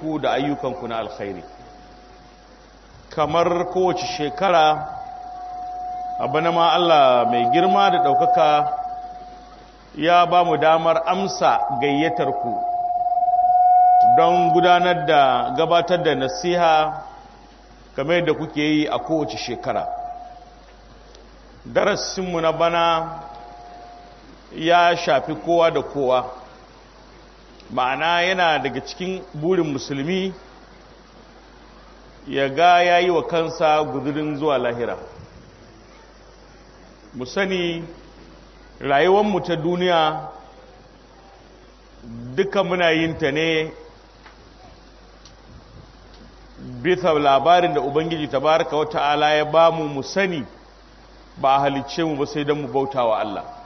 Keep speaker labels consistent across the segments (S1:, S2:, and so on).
S1: ku da ayyukanku na alkhairi kamar kowace shekara abana ma Allah mai girma da ɗaukaka ya ba mu damar amsa gayyatar ku don gudanar da gabatar da nasiha game da kuke yi a kowace shekara darasinmu na bana ya shafi kowa da kowa ma'ana yana daga cikin burin musulmi ya ga ya yi wa kansa guzurin zuwa lahira musani sani rayuwanmu ta duniya duka muna yin ta ne bisa labarin da ubangiji ta wata ala ya ba mu mu sani ba a halicce mu ba sai don mu bauta wa Allah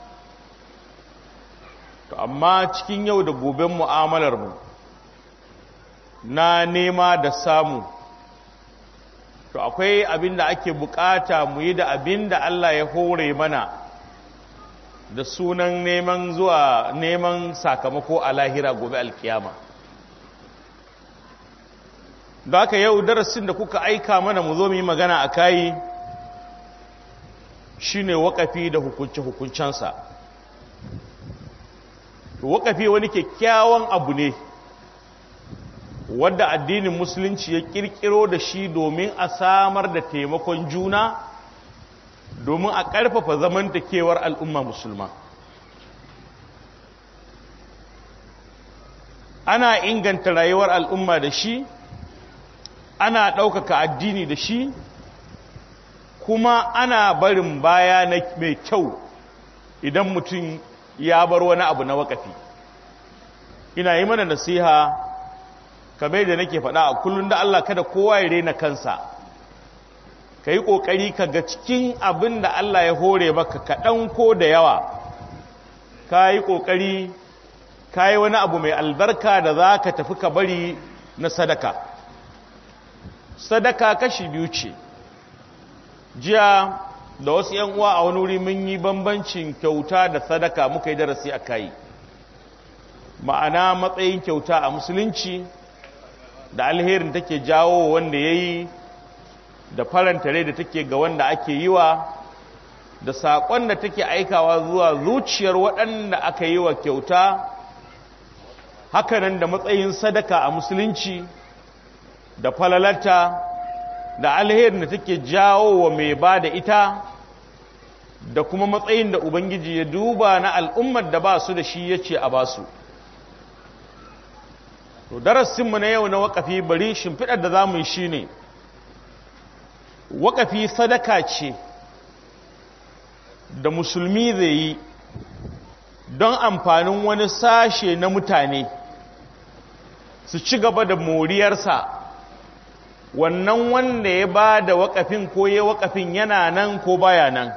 S1: to amma cikin yau da goben mu'amalar mu na nema da samu to akwai abin da ake bukata mu yi da abin da Allah ya hore mana da sunan neman zuwa neman sakamako a lahira gobe alkiyama da aka yau darasin da kuka aika mana mu zo mu yi magana a kayi shine wakafi da hukunce-hukuncensa wakafi wani kyakkyawan abu ne wadda addinin musulunci ya kirkiro da shi domin a samar da taimakon juna domin a ƙarfafa kewar al'umma musulma ana inganta rayuwar al'umma da shi ana ɗaukaka addini da shi kuma ana barin baya na mai kyau idan mutum ya bar wani abu na wakafi ina yi mana nasiha kame da nake faɗa a kullum da Allah kada kowa ya rena kansa ka yi ƙoƙari ka ga cikin abin da Allah ya hore maka kaɗan ko da yawa ka yi ƙoƙari ka yi wani abu mai albarka da za ka tafi ka bari na sadaka sadaka kashi biyu ce jiya da wasu yan uwa a wani wuri mun yi bambancin kyauta da sadaka muka yi darasi a kayi. ma'ana matsayin kyauta a musulunci da alherin take jawo wanda ya yi da faranta rai da take ga wanda ake yi wa da saƙon da take aikawa zuwa zuciyar waɗanda aka yi wa kyauta hakanan da matsayin sadaka a musulunci da falalata da alherin da take jawo wa mai ba da ita da kuma matsayin da ubangiji ya duba na al'ummar da ba su da shi ya ce a ba su to darasinmu na yau na waƙafi bari shimfiɗar da za mu yi shi ne wakafi sadaka ce da musulmi zai yi don amfanin wani sashe na mutane su ci gaba da moriyarsa wannan wanda ya ba da waƙafin ko ya waƙafin yana nan ko baya nan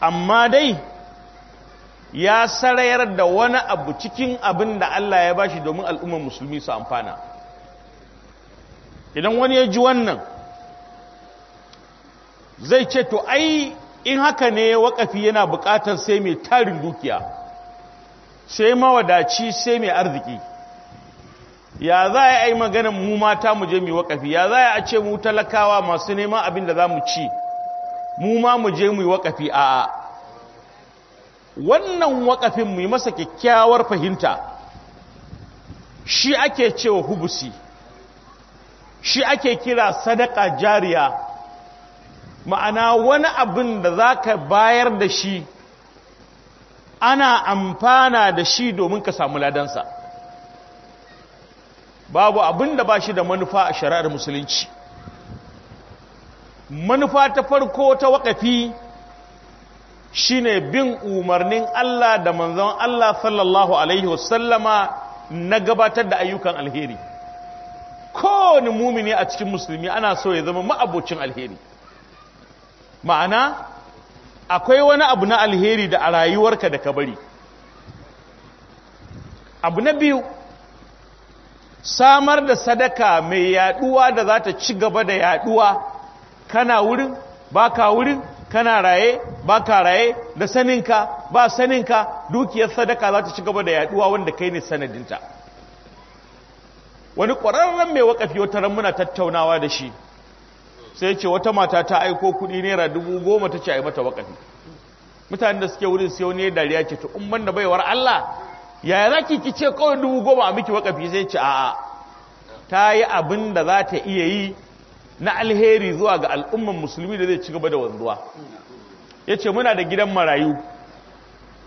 S1: amma dai ya sarayar da wani abu cikin abin da Allah ya bashi domin al'ummar musulmi su amfana idan wani ya ji wannan zai ce to ai in haka ne waƙafi yana buƙatar sai mai tarin dukiya sai mawadaci sai mai arziki ya za a yi maganin mu mata mu je mai waƙafi ya za a ce mu talakawa masu neman abin da za mu ci mu ma mu je mu yi waƙafi a wannan waƙafin mu yi masa kyakkyawar fahimta shi ake cewa hubusi shi ake kira sadaka jariya ma'ana wani abin da za ka bayar da shi ana amfana da shi domin ka samu ladansa babu abin da ba shi da manufa a shari'ar musulunci manufa ta farko ta waƙafi shine bin umarnin Allah da manzon Allah sallallahu alaihi wasallama na gabatar da ayyukan alheri kowane mumini a cikin musulmi ana so ya zama ma'abocin alheri ma'ana akwai wani abu na alheri da a rayuwarka da ka bari abu na biyu samar da sadaka mai yaduwa da za ta ci gaba da yaduwa kana wurin ba ka wurin kana raye ba ka raye da saninka ba saninka dukiyar sadaka za ta ci gaba da yaduwa wanda kai ne sanadinta wani ƙwararren mai wakafi wata ran muna tattaunawa da shi sai ce wata mata ta aiko kudi naira dubu goma ta ce a yi mata wakafi mutanen da suke wurin siyo ne dariya ce ta umman da baiwar Allah yaya za ki ce kawai dubu goma a miki wakafi sai ce a'a ta yi abin da za ta iya yi na alheri zuwa ga al'umman musulmi da zai ci gaba da wanzuwa ya ce muna da gidan marayu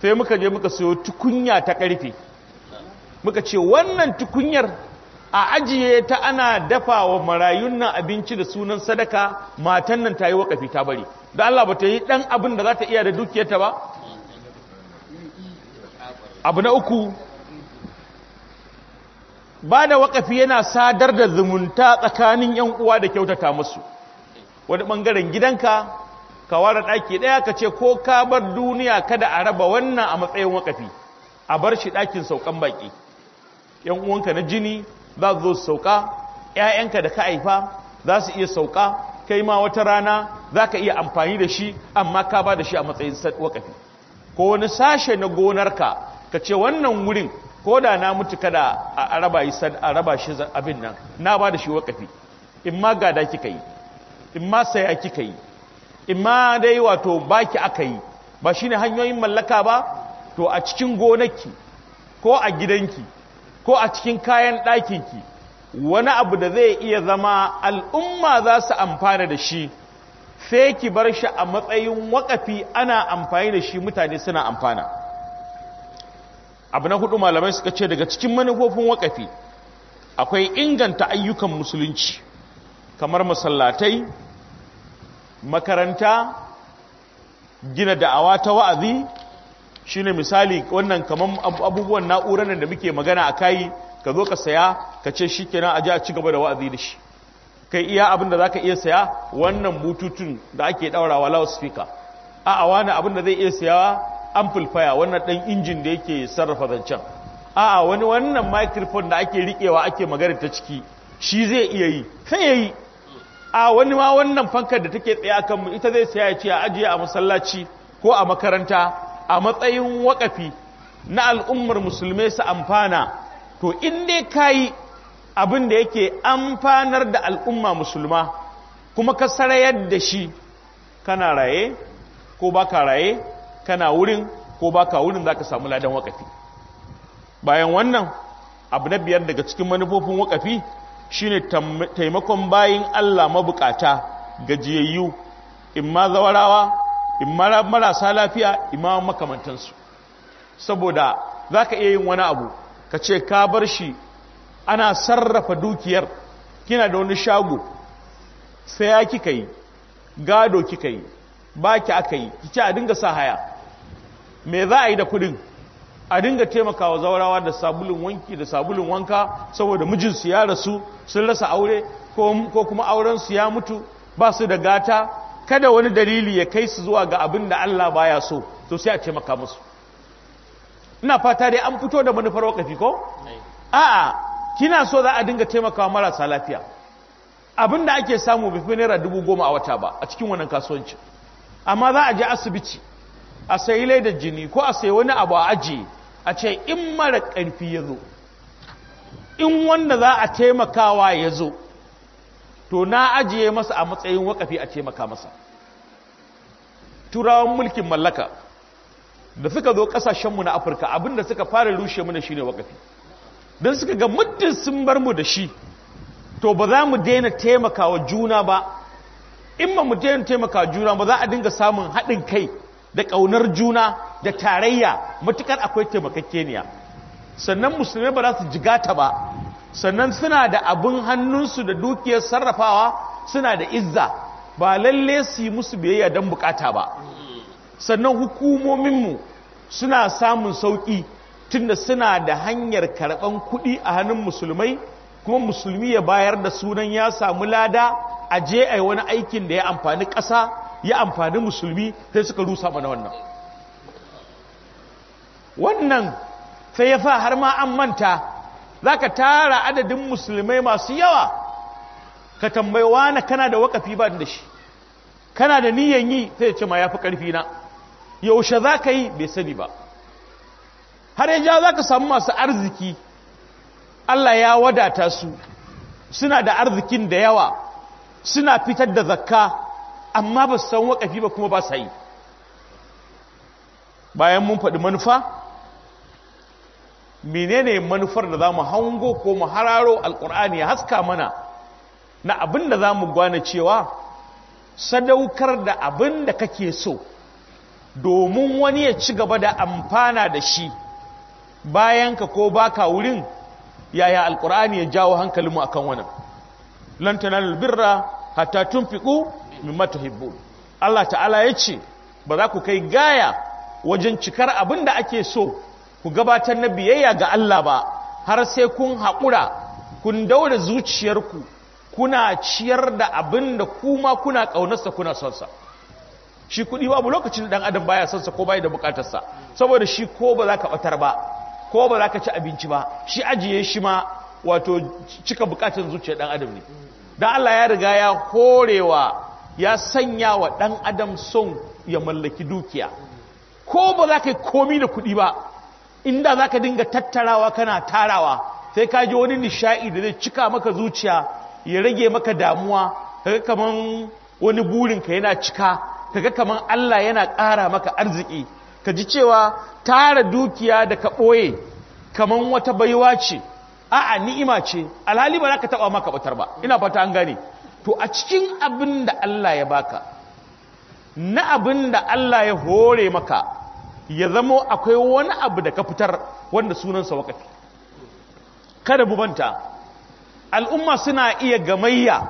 S1: sai muka je muka sayo tukunya ta karfe muka ce wannan tukunyar a ajiye ta ana dafa wa marayun nan abinci da sunan sadaka matan nan ta yi wakafi ta bari da Allah ba ta yi ɗan abin da za ta iya da dukiyarta ba abu na uku ba da waƙafi yana sadar da zumunta tsakanin yan uwa da kyautata musu wani ɓangaren gidanka ka ware ɗaki ɗaya ka ce ko ka bar duniya kada a raba wannan a matsayin waƙafi a bar shi ɗakin saukan baƙi yan uwanka na jini za su zo su sauka ‘ya'yanka da ka haifa za su iya sauƙa. kai ma wata rana za ka iya amfani da shi amma ka ba da shi a matsayin waƙafi ko wani sashe na gonarka ka ce wannan wurin ko da na mutu kada a raba yi shi abin nan na ba da shi wakafi in ma gada kika yi in ma saya kika yi in ma dai wato baki aka yi ba shi ne hanyoyin mallaka ba to a cikin gonaki ko a gidanki ko a cikin kayan ɗakinki wani abu da zai iya zama al'umma za su amfana da shi sai ki bar shi a matsayin wakafi ana amfani da shi mutane suna amfana abu na hudu malamai suka ce daga cikin manufofin wakafi akwai inganta ayyukan musulunci kamar masallatai makaranta gina da'awa ta wa'azi shine misali wannan kamar abubuwan na'urar da muke magana a kayi ka zo ka saya ka ce shi kenan a ji a ci gaba da wa'azi da shi kai iya abin da za ka iya saya wannan bututun da ake daurawa lausfika a awa wani abin da zai iya sayawa amplifier wannan ɗan injin da yake sarrafa zancen a'a wani wannan microphone da ake riƙewa ake magana ta ciki shi zai iya yi sai ya yi a wani ma wannan fankar da take tsaye akan mu ita zai saya ya ce a ajiye a masallaci ko a makaranta a matsayin wakafi na al'ummar musulmai su amfana to in dai kayi abin da yake amfanar da al'umma musulma kuma ka sarayar da shi kana raye ko baka raye kana wurin ko baka wurin za ka samu ladan wakafi bayan wannan abu na biyar daga cikin manufofin wakafi shine taimakon bayin Allah mabukata gajiyayyu imma zawarawa imma marasa lafiya imma makamantansu saboda za ka iya yin wani abu ka ce ka bar shi ana sarrafa dukiyar kina da wani shago sai ya kika yi gado kika yi ba baki aka yi kici a dinga sa haya me za a yi da kudin a dinga taimakawa zaurawa da sabulun wanki da sabulun wanka saboda mijinsu ya rasu sun rasa aure ko kuma aurensu ya mutu ba su da gata kada wani dalili ya kai su zuwa ga abin da Allah baya so to sai a taimaka musu ina fata dai an fito da manufar wakafi ko a'a kina so za a dinga taimakawa marasa lafiya abin da ake samu bai fi naira dubu goma a wata ba a cikin wannan kasuwanci amma za a je asibiti a sayi laida jini ko a sai wani abu a aji a ce in mara ƙarfi ya zo in wanda za a taimakawa ya zo to na ajiye masa a matsayin wakafi a taimaka masa turawan mulkin mallaka da suka zo kasashenmu na afirka abinda suka fara rushe mana shine wakafi don suka ga muddin sun bar mu da shi to ba za mu daina taimakawa juna ba in ba mu daina taimakawa juna ba za a dinga samun haɗin kai da ƙaunar juna da tarayya matukar akwai taimakakeniya sannan musulmai ba za su jigata ba sannan suna da abin hannunsu da dukiyar sarrafawa suna da izza ba lalle su yi musu biyayya don bukata ba sannan hukumominmu suna samun sauƙi tunda suna da hanyar karɓan kuɗi a hannun musulmai kuma musulmi ya bayar da sunan ya samu lada a je a yi wani aikin da ya amfani ƙasa ya amfani musulmi sai suka rusa mana wannan wannan sai ya fa har ma an manta za ka tara adadin musulmai masu yawa ka tambaiwa na kana da wakafi ba da shi kana da niyan yi sai ce ma ya fi ƙarfi na yaushe za ka yi bai sani ba har yaja za ka samu masu arziki Allah ya wadata su suna da arzikin da yawa suna fitar da zakka amma ba su san wakafi ba kuma ba sa yi bayan mun faɗi manufa menene manufar da za mu hango ko mu hararo ya haska mana na abin da za mu gwana cewa sadaukar da abin da kake so domin wani ya ci gaba da amfana da shi bayan ka ko baka wurin yaya alƙur'ani ya jawo hankalinmu akan wannan lan birra hatta tun fiƙo. mimma tuhibbun Allah ta'ala ya ce ba za ku kai gaya wajen cikar abin da ake so ku gabatar na biyayya ga Allah ba har sai kun haƙura kun daure zuciyarku kuna ciyar da abin da kuma kuna ƙaunarsa kuna sonsa shi kuɗi babu lokacin da ɗan adam baya sonsa ko baya da buƙatarsa saboda shi ko ba za ka ɓatar ba ko ba za ka ci abinci ba shi ajiye shi ma wato cika buƙatar zuciyar ɗan adam ne dan Allah ya riga ya horewa ya sanya wa ɗan adam son ya mallaki dukiya ko ba za ka yi komi da kuɗi ba inda za ka dinga tattarawa kana tarawa sai ka ji wani nishaɗi da zai cika maka zuciya ya rage maka damuwa kaga kaman wani burinka yana cika kaga kaman Allah yana ƙara maka arziki ka ji cewa tara dukiya da ka ɓoye kaman wata baiwa ce a'a ni'ima ce alhali ba za ka taɓa maka batar ba ina fata an gane to a cikin abin da Allah ya baka na abin da Allah ya hore maka ya zamo akwai wani abu da ka fitar wanda sunansa wakafi kada bubanta al'umma suna iya gamayya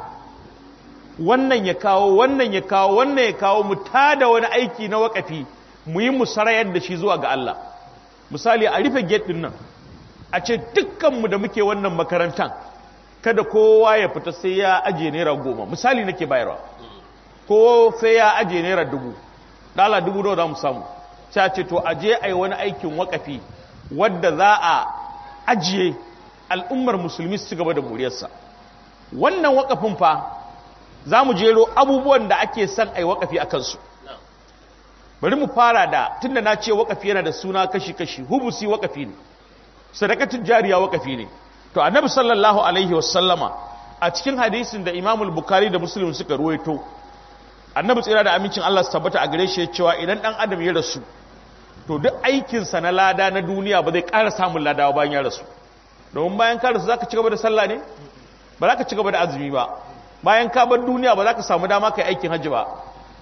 S1: wannan ya kawo wannan ya kawo wannan ya kawo mu tada wani aiki na wakafi mu yi musarayar da shi zuwa ga Allah misali a rufe gate din nan a ce dukkanmu da muke wannan makarantar kada kowa ya fita sai ya ajiye naira goma misali nake bayarwa ko sai ya ajiye naira dubu dala dubu nawa mu samu ta ce to aje a yi wani aikin wakafi wadda za a ajiye al'ummar musulmi su gaba da buriyarsa wannan wakafin fa za mu jero abubuwan da ake son a wakafi a kansu bari mu fara da tunda na ce wakafi yana da suna kashi-kashi hubusi wakafi ne sadakatun jariya wakafi ne to annabi sallallahu alaihi wasallama a cikin hadisin da imamul bukari da muslim suka ruwaito annabi tsira da amincin Allah su tabbata a gare shi cewa idan dan adam ya rasu to duk aikinsa na lada na duniya ba zai ƙara samun lada bayan ya rasu domin bayan ka rasu za ka ci gaba da sallah ne ba za ka ci gaba da azumi ba bayan ka bar duniya ba za ka samu dama kai aikin hajji ba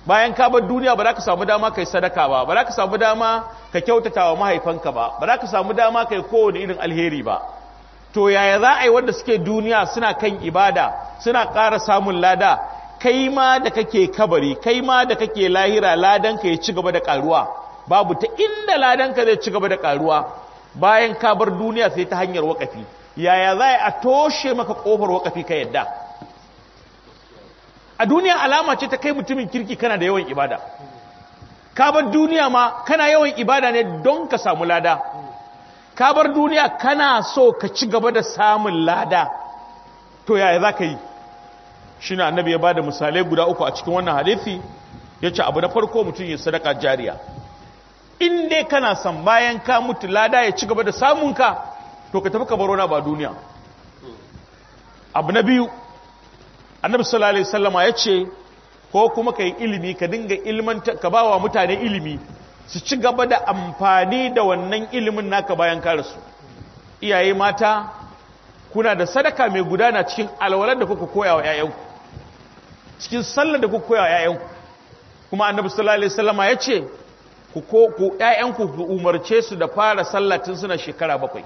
S1: bayan ka bar duniya ba za ka samu dama kai sadaka ba ba za ka samu dama ka kyautata wa mahaifanka ba ba za ka samu dama kai kowane irin alheri ba to yaya za a yi wanda suke duniya suna kan ibada suna ƙara samun lada kai ma da kake kabari kai ma da kake lahira ladanka ya ci gaba da karuwa. babu ta inda ladanka zai ci gaba da ƙaruwa bayan ka bar duniya sai ta hanyar wakafi yaya za a toshe maka ƙofar wakafi ka yadda a duniya alama ce ta kai mutumin kirki kana da yawan ibada ka bar duniya ma kana yawan ibada ne don ka samu lada ka bar duniya kana so ka ci gaba da samun lada to yaya za ka yi shi na annabi ya ba da misalai guda uku a cikin wannan hadithi ya ce abu na farko mutum ya sadaka jariya in dai kana son bayan ka mutu lada ya ci gaba da samunka to ka tafi ka baro na ba duniya abu na biyu annabi sallallahu alaihi wasallama ya ce ko kuma ka yi ilimi ka dinga ilmanta ka ba wa mutane ilimi su ci gaba da amfani da wannan ilimin naka bayan ka rasu iyaye mata kuna da sadaka mai gudana cikin alwalar da kuka koya wa 'ya'yanku cikin sallar da kuka koya wa 'ya'yanku kuma annabi sallallahu alaihi wasallama yace ku ko ku 'ya'yanku ku umarce su da fara sallah tun suna shekara bakwai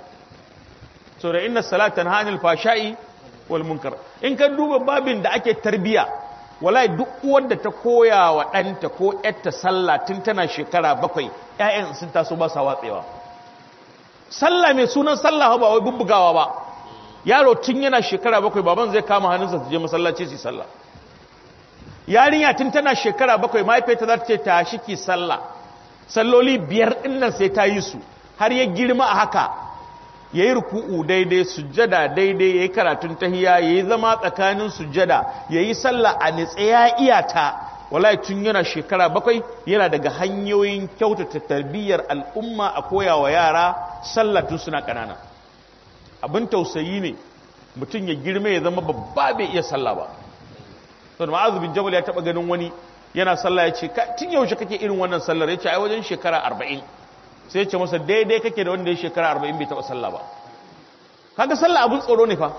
S1: so da inna salatan hanil fashai wal munkar in ka duba babin da ake tarbiya Walai duk wanda ta koya wa ɗanta ko ƴatta sallah tun tana shekara bakwai ƴaƴan sun taso ba sa watsewa sallah mai sunan sallah ba wai bubbugawa ba yaro tun yana shekara bakwai baban zai kama hannunsa su je masallaci su sallah yarinya tun tana shekara bakwai mahaifiyarta za ta ce ta shiki sallah salloli biyar ɗin sai ta yi su har ya girma a haka ya yi ruku'u daidai sujjada daidai ya yi karatun tahiya ya yi zama tsakanin sujjada ya yi sallah a nitsaya ya iya ta tun yana shekara bakwai yana daga hanyoyin kyautata tarbiyyar al'umma a koya wa yara sallah tun suna ƙanana abin tausayi ne mutum ya girma ya zama babba bai iya sallah ba so da ma'azu bin jabal ya taɓa ganin wani yana sallah ya ce tun yaushe kake irin wannan sallar ya ce a wajen shekara arba'in sai ce masa daidai kake da wanda ya shekara arba'in bai taɓa sallah ba kaga sallah abin tsoro ne fa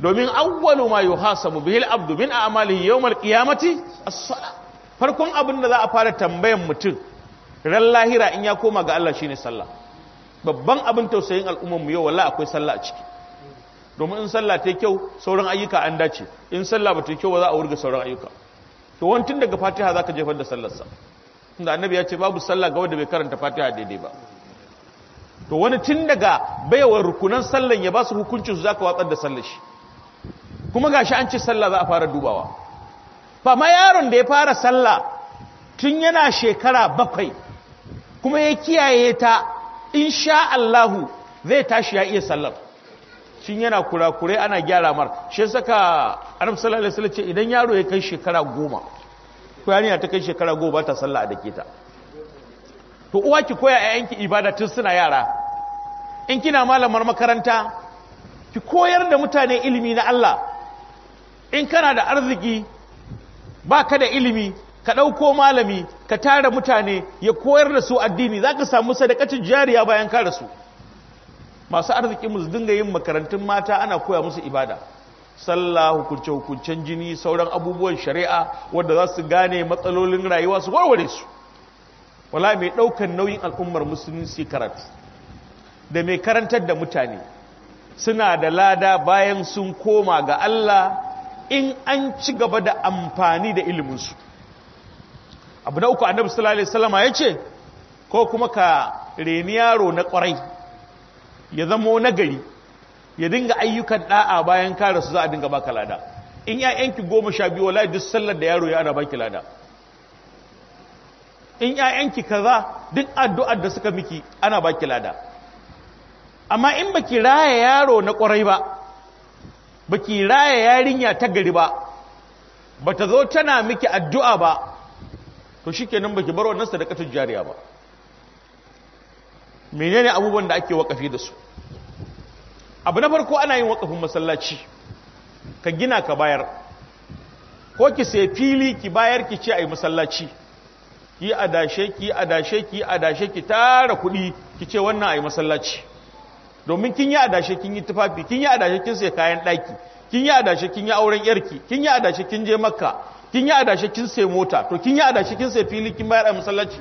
S1: domin awwalu ma yuhasabu bihil abdu min a'malihi yawmal qiyamati as-salah farkon abin da za a fara tambayan mutum ran lahira in ya koma ga Allah shine sallah babban abin tausayin al'ummar mu yau wallahi akwai sallah a ciki domin in sallah ta kyau sauran ayyuka an dace in sallah ba ta kyau ba za a wurga sauran ayyuka to wani tun daga fatiha zaka jefar da sallarsa tunda annabi ya ce babu sallah ga wanda bai karanta fatiha daidai ba to wani tun daga baiwa rukunan sallan ya ba su hukuncin su zaka watsar da sallar shi kuma gashi an ce sallah za a fara dubawa fa ma yaron da ya fara sallah tun yana shekara bakwai kuma ya kiyaye ta insha Allahu zai tashi ya iya sallar shin yana kurakure ana gyara mar shi saka annabi sallallahu alaihi wasallam ce idan yaro ya kai shekara goma ko yarinya ta kai shekara goma ta sallah da ke ta to uwa ki koya ƴaƴanki ibada tun suna yara in kina malamar makaranta ki koyar da mutane ilimi na Allah in kana da arziki ba ka da ilimi ka ɗauko malami ka tara mutane ya koyar da su addini za ka samu sadakacin jariya bayan ka rasu masu arzikin mu dinga yin makarantun mata ana koya musu ibada sallah hukunce-hukuncen jini sauran abubuwan shari'a wadda za su gane matsalolin rayuwa su warware su wala mai ɗaukan nauyin al'ummar su karatu da mai karantar da mutane suna da lada bayan sun koma ga Allah in an ci gaba da amfani da iliminsu abu na uku annabi sallallahu alaihi ya ce ko kuma ka reni yaro na kwarai ya zamo nagari ya dinga ayyukan da'a bayan kare su za a dinga baka lada in ƴaƴanki goma sha biyu wallahi duk sallar da yaro ya ana baki lada in ƴaƴanki kaza duk addu'ar da suka miki ana baki lada amma in baki raya yaro na kwarai ba baki raya yarinya ta gari ba bata zo tana miki addu'a ba to shikenan baki bar wannan sadaqatul jariya ba menene abubuwan da ake wakafi da su abu na farko ana yin wakafin masallaci ka gina ka bayar ko ki sai fili ki bayar ki ce a yi masallaci ki adashe ki adashe ki adashe ki tara kuɗi ki ce wannan a yi masallaci domin kin yi adashe kin yi tufafi kin yi adashe kin sai kayan ɗaki kin yi adashe kin yi auren yarki kin yi adashe kin je makka kin yi adashe kin sai mota to kin yi adashe kin sai fili kin bayar a masallaci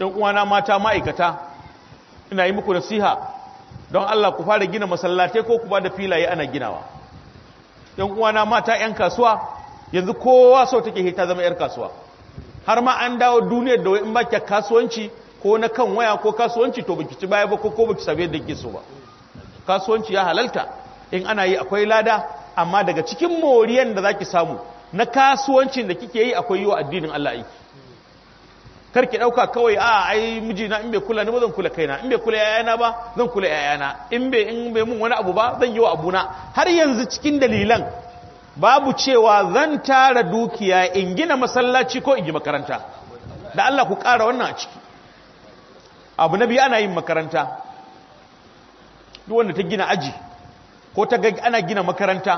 S1: ɗan uwana mata ma'aikata ina yi muku nasiha don Allah ku fara gina masallatai ko ku ba da filaye ana ginawa yan uwana mata yan kasuwa yanzu kowa so take hita zama yar kasuwa har ma an dawo duniyar da wain baki kasuwanci ko na kan waya ko kasuwanci to baki ci baya ba ko ko baki sabe da ke so ba kasuwanci ya halalta in ana yi akwai lada amma daga cikin moriyan da zaki samu na kasuwancin da kike yi akwai yiwa addinin Allah aiki karki dauka kawai a ai mijina in bai kula ni ba zan kula kaina in bai kula yayana ba zan kula yayana in bai in bai mun wani abu ba zan yi wa abuna har yanzu cikin dalilan babu cewa zan tara dukiya in gina masallaci ko in yi makaranta da Allah ku ƙara wannan a ciki abu na biyu ana yin makaranta duk wanda ta gina aji ko ta ga ana gina makaranta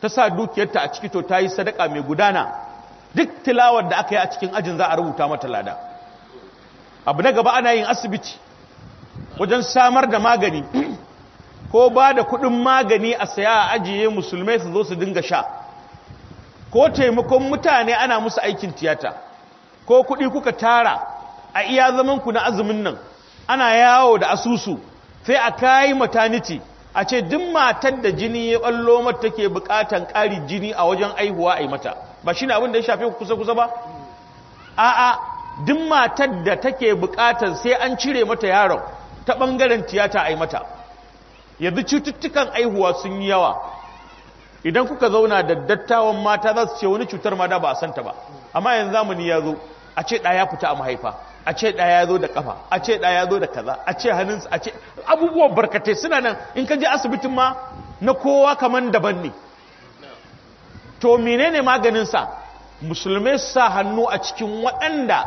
S1: ta sa dukiyarta a ciki to tayi sadaka mai gudana duk tilawar da aka yi a cikin ajin za a rubuta mata lada abu na gaba ana yin asibiti wajen samar da magani ko ba da kudin magani a saya a ajiye musulmai su zo su dinga sha ko taimakon mutane ana musu aikin tiyata ko kudi kuka tara a iya zamanku na azumin nan ana yawo da asusu sai a kayi mataniti a ce duk matar da jini ya ballo mata take bukatan ƙarin jini a wajen aihuwa a yi mata ba shi ne abin da ya shafi kusa kusa ba a'a duk matar da take bukatar sai an cire mata yaron ta bangaren tiyata a yi mata yanzu cututtukan aihuwa sun yi yawa idan kuka zauna da dattawan mata za su ce wani cutar ma da ba a santa ba amma yanzu zamani ya zo a ce ɗaya fita a mahaifa a ce ɗaya ya zo da kafa a ce ɗaya ya zo da kaza a ce hannunsu a ce abubuwan barkatai suna nan in ka je asibitin ma na kowa kaman daban ne to menene maganinsa musulmai su sa hannu a cikin waɗanda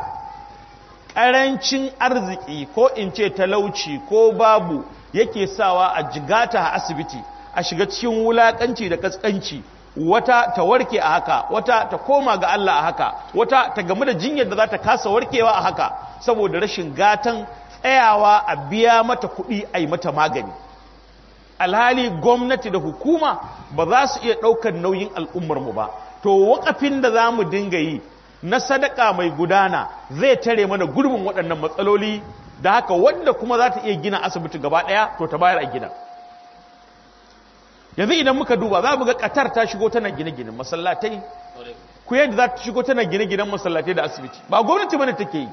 S1: ƙarancin arziki ko in ce talauci ko babu yake sawa a jigata a asibiti a shiga cikin wulaƙanci da ƙasƙanci wata ta warke a haka wata ta koma ga Allah a haka wata ta gamu da jinyar da za ta kasa warkewa a haka saboda rashin gatan tsayawa a biya mata kuɗi a yi mata magani alhali gwamnati da hukuma ba za su iya ɗaukar nauyin al'ummarmu ba to wakafin da za mu dinga yi na sadaka mai gudana zai tare mana gurbin waɗannan matsaloli da haka wanda kuma za ta iya gina asibiti gaba ɗaya to ta bayar a gina yanzu idan muka duba za mu ga ƙatar ta shigo tana gine-ginen masallatai ku yadda za ta shigo tana gine-ginen masallatai da asibiti ba gwamnati bane take yi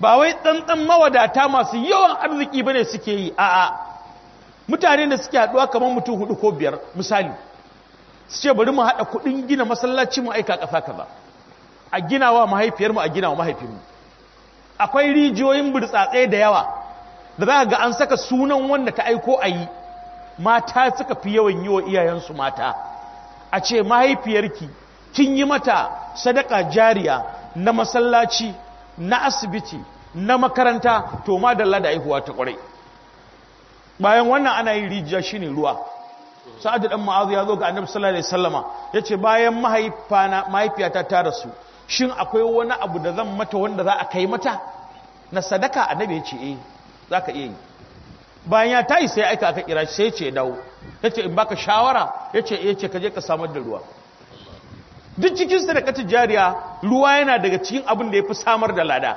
S1: ba wai tsantsan mawadata masu yawan arziki bane suke yi a'a mutane da suke haɗuwa kamar mutum hudu ko biyar misali su ce bari mu haɗa kuɗin gina masallaci mu aika ƙasa kaza a gina wa mahaifiyarmu a gina wa mahaifinmu akwai rijiyoyin burtsatse da yawa da za a ga an saka sunan wanda ta aiko a yi mata suka fi yawan yi wa iyayensu mata a ce mahaifiyarki kin yi mata sadaka jariya na masallaci na asibiti na makaranta to ma da aihuwa ta kwarai bayan wannan ana yin rijiya shine ruwa sa'ad dan ma'azu ya zo ga annabi sallallahu alaihi wasallama yace bayan mahaifana mahaifiyata ta rasu shin akwai wani abu da zan mata wanda za a kai mata na sadaka annabi yace eh zaka iya yi bayan ya tayi sai aika aka kira sai ce dawo yace in baka shawara yace eh, yace ka je ka samar da ruwa duk cikin sadakatar jariya ruwa yana daga cikin abin da ya fi samar da lada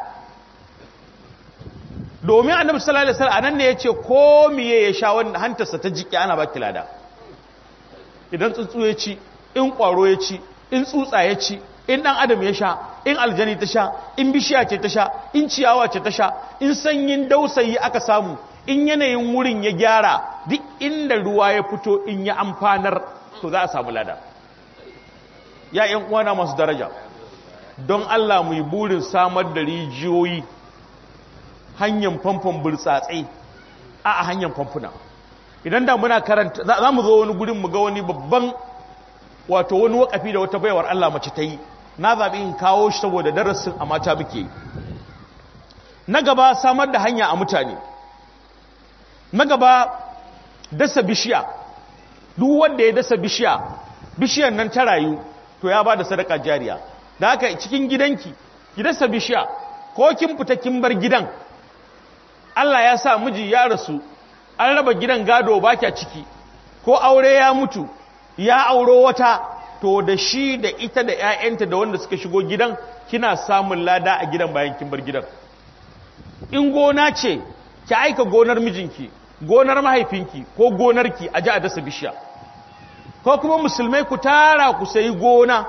S1: domin annabi sallallahu alaihi wasallam anan ne yace ko miye ya sha wannan hantarsa ta jiki ana baki lada idan tsuntsu ya ci in kwaro ya ci in tsutsa ya ci in dan adam ya sha in aljani ta sha in bishiya ce ta sha in ciyawa ce ta sha in sanyin dausayi aka samu in yanayin wurin ya gyara duk inda ruwa ya fito in ya amfanar to za a samu lada ya yan uwana masu daraja don Allah mu yi burin samar da rijiyoyi hanyar famfon burtsatsai a a hanyar famfuna idan da muna karanta za mu zo wani gurin mu ga wani babban wato wani wakafi da wata baiwar Allah mace ta yi na zaɓi in kawo shi saboda darasin a mata muke na gaba samar da hanya a mutane na gaba dasa bishiya duk wanda ya dasa bishiya bishiyar nan ta rayu to ya ba da sadaka jariya da haka cikin gidanki ki dasa bishiya ko kin fita kin bar gidan Allah ya sa miji ya rasu an raba gidan gado ba kya ciki ko aure ya mutu ya auro wata to da shi da ita da 'ya'yanta da wanda suka shigo gidan kina samun lada a gidan bayan kin bar gidan in gona ce ki aika gonar mijinki gonar mahaifinki ko gonarki a ji a dasa bishiya ko kuma musulmai ku tara ku sayi gona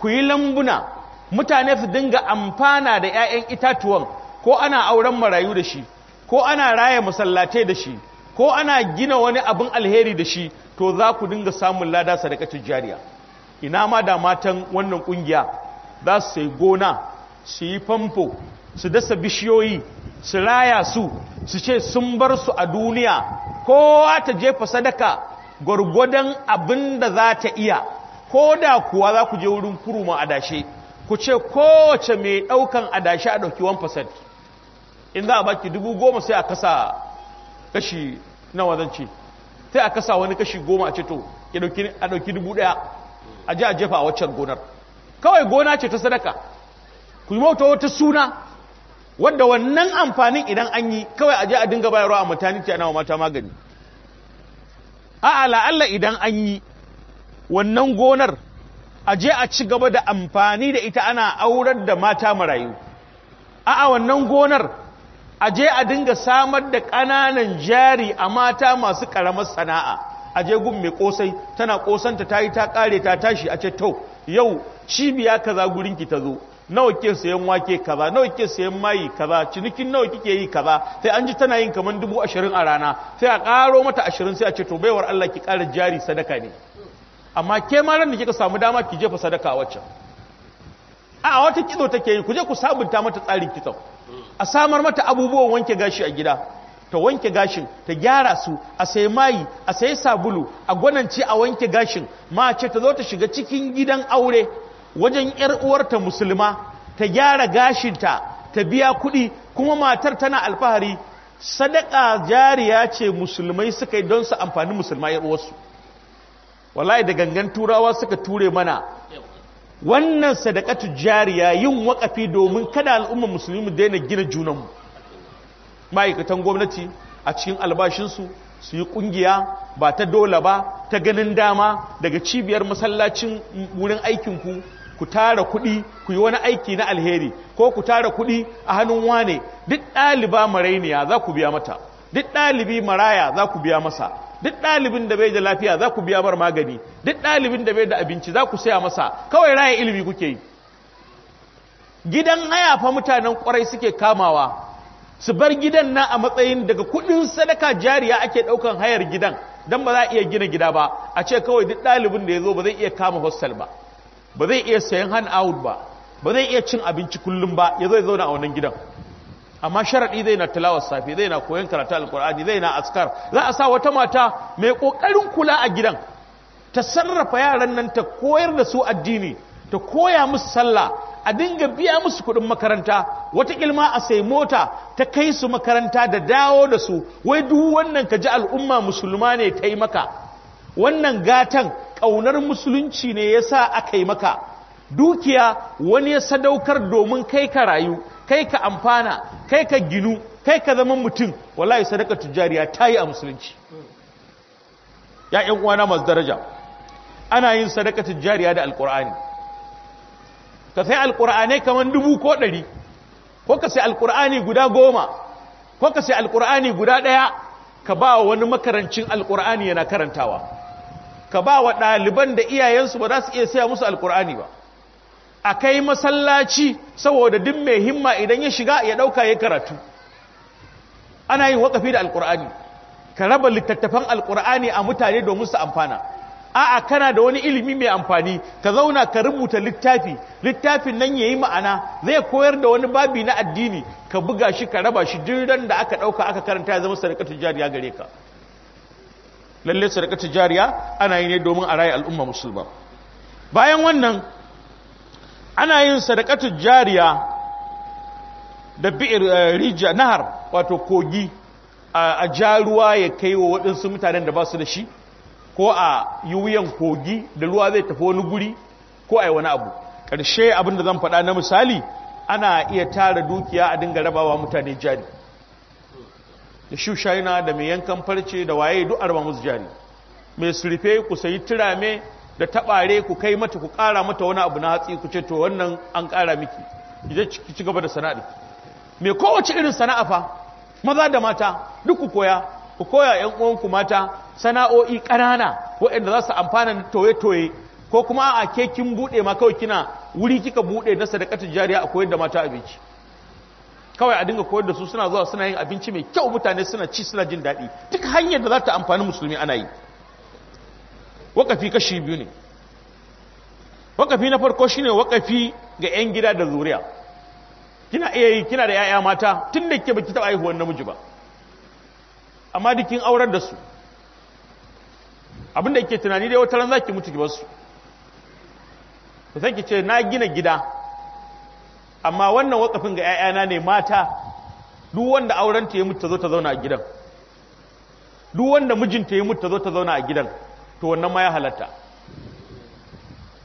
S1: ku yi lambuna mutane su dinga amfana da 'ya'yan itatuwan ko ana auren marayu da shi ko ana raya masallatai da shi ko ana gina wani abin alheri da shi to za ku dinga samun lada sadakacin jariya ina ma da matan wannan kungiya za su sai gona su yi famfo su dasa bishiyoyi su raya su su ce sun bar su a duniya kowa ta jefa sadaka gwargwadon abin da za ta iya ko da kuwa za ku je wurin kuruma adashe ku ce kowace mai ɗaukan adashe a ɗauki 1% in za a baki dubu goma sai a kasa kashi na zan ce sai a kasa wani kashi goma a ceto a ɗauki dubu ɗaya a ji a jefa a waccan gonar kawai gona ce ta sadaka ku yi mauta wata suna wadda wannan amfanin idan an yi kawai a je a dinga bayarwa a mutane ce ana wa mata magani a'a la'alla idan an yi wannan gonar a je a ci gaba da amfani da ita ana aurar da mata marayu a'a wannan gonar a je a dinga samar da ƙananan jari a mata masu ƙaramar sana'a a je gun mai ƙosai tana ƙosanta ta yi ta ƙare ta tashi a ce to yau cibiya kaza gurinki ta zo nawa sayan wake kaza nawa ke sayan mayi kaza cinikin nawa kike yi kaza sai an ji tana yin kaman dubu ashirin a rana sai a ƙaro mata ashirin sai a ce to baiwar Allah ki kara jari sadaka ne amma ke ma ran da kika samu dama ki jefa sadaka a waccan a wata kitso take yi ku je ku sabunta mata tsarin kitso a samar mata abubuwan wanke gashi a gida ta wanke gashin ta gyara su a sai mayi a sai sabulu a gwanance a wanke gashin mace ta zo ta shiga cikin gidan aure wajen yar uwarta musulma ta gyara gashinta ta biya kuɗi kuma matar tana alfahari sadaka jariya ce musulmai suka yi don su amfani musulma yar uwarsu wallahi da gangan turawa suka ture mana wannan sadakatu jariya yin wakafi domin kada al'ummar musulmi daina gina mu. ma'aikatan gwamnati a cikin albashinsu su yi kungiya ba ta dole ba ta ganin dama daga cibiyar masallacin wurin aikinku ku tara kuɗi ku yi wani aiki na alheri ko ku tara kuɗi a hannun wane duk ɗaliba marainiya za ku biya mata duk ɗalibi maraya za ku biya masa duk ɗalibin da bai da lafiya za ku biya mar magani duk ɗalibin da bai da abinci za ku saya masa kawai raya ilimi kuke yi gidan haya fa mutanen kwarai suke kamawa su bar gidan na a matsayin daga kudin sadaka jariya ake daukan hayar gidan dan ba za a iya gina gida ba a ce kawai duk ɗalibin da ya zo ba zai iya kama hostel ba ba zai iya sayan hand out ba ba zai iya cin abinci kullum ba ya zo ya zauna a wannan gidan amma sharaɗi zai na tilawar safe zai na koyon karatu alkur'ani zai na askar za a sa wata mata mai ƙoƙarin kula a gidan ta sarrafa yaran nan ta koyar da su addini ta koya musu sallah a dinga biya musu kuɗin makaranta wata ilma a sai mota ta kai su makaranta da dawo da su wai duk wannan ka ji al'umma musulma ne ta yi maka wannan gatan ƙaunar musulunci ne ya sa aka yi maka dukiya wani ya sadaukar domin kai ka rayu kai ka amfana kai ka ginu kai ka zama mutum wallahi sadaka tujariya ta yi a musulunci ya yan uwana masu daraja ana yin sadaka tujariya da alkur'ani ka sai alkur'ani kamar dubu ko ɗari ko ka sai alkur'ani guda goma ko ka sai alkur'ani guda ɗaya ka ba wani makarancin alkur'ani yana karantawa ka ba wa ɗaliban da iyayensu ba za su iya saya musu alkur'ani ba a kai masallaci saboda duk mai himma idan ya shiga ya ɗauka ya karatu ana yin wakafi da alkur'ani ka raba littattafan alkur'ani a mutane domin su amfana a'a kana da wani ilimi mai amfani ka zauna ka rubuta littafi littafin nan yayi ma'ana zai koyar da wani babi na addini ka buga shi ka raba shi duk da aka dauka aka karanta ya zama sadaqatul jariya gare ka lalle sadaqatul jariya ana yi ne domin a rayi al'umma musulma bayan wannan ana yin sadakatu jariya da bi'ir eh, rija nahar wato kogi a jaruwa ya kai wa waɗansu mutanen da ba su da shi ko a yi wuyan kogi da ruwa zai tafi wani guri ko a yi wani abu ƙarshe abin da zan faɗa na misali ana iya tara dukiya a dinga rabawa mutane jari da shushaina da mai yankan farce da waye duk arba musu jari mai surfe ku sayi turame da taɓare ku kai mata ku ƙara mata wani abu na hatsi ku ce to wannan an ƙara miki idan ki ci gaba da sana'a me kowace irin sana'a fa maza da mata duk ku koya ku koya ƴan uwanku mata sana'o'i ƙanana waɗanda za su amfana toye-toye ko kuma a ke kin buɗe ma kawai kina wuri kika buɗe na sadaka jariya a koyar da mata abinci kawai a dinga koyar da su suna zuwa suna yin abinci mai kyau mutane suna ci suna jin daɗi duk hanyar da za ta amfani musulmi ana yi wakafi kashi biyu ne wakafi na farko shine wakafi ga 'yan gida da zuriya kina iya yi kina da 'ya'ya mata tun da ke baki taɓa aihuwar namiji ba amma dukin aurar da su abinda ke tunani dai wata ran za ki mutu ki basu Ku san ki ce na gina gida amma wannan wakafin ga 'ya'yana ne mata duk wanda ta ya mutu ta zo ta zauna a gidan duk wanda mijinta ya mutu ta zo ta zauna a gidan to wannan ma ya halatta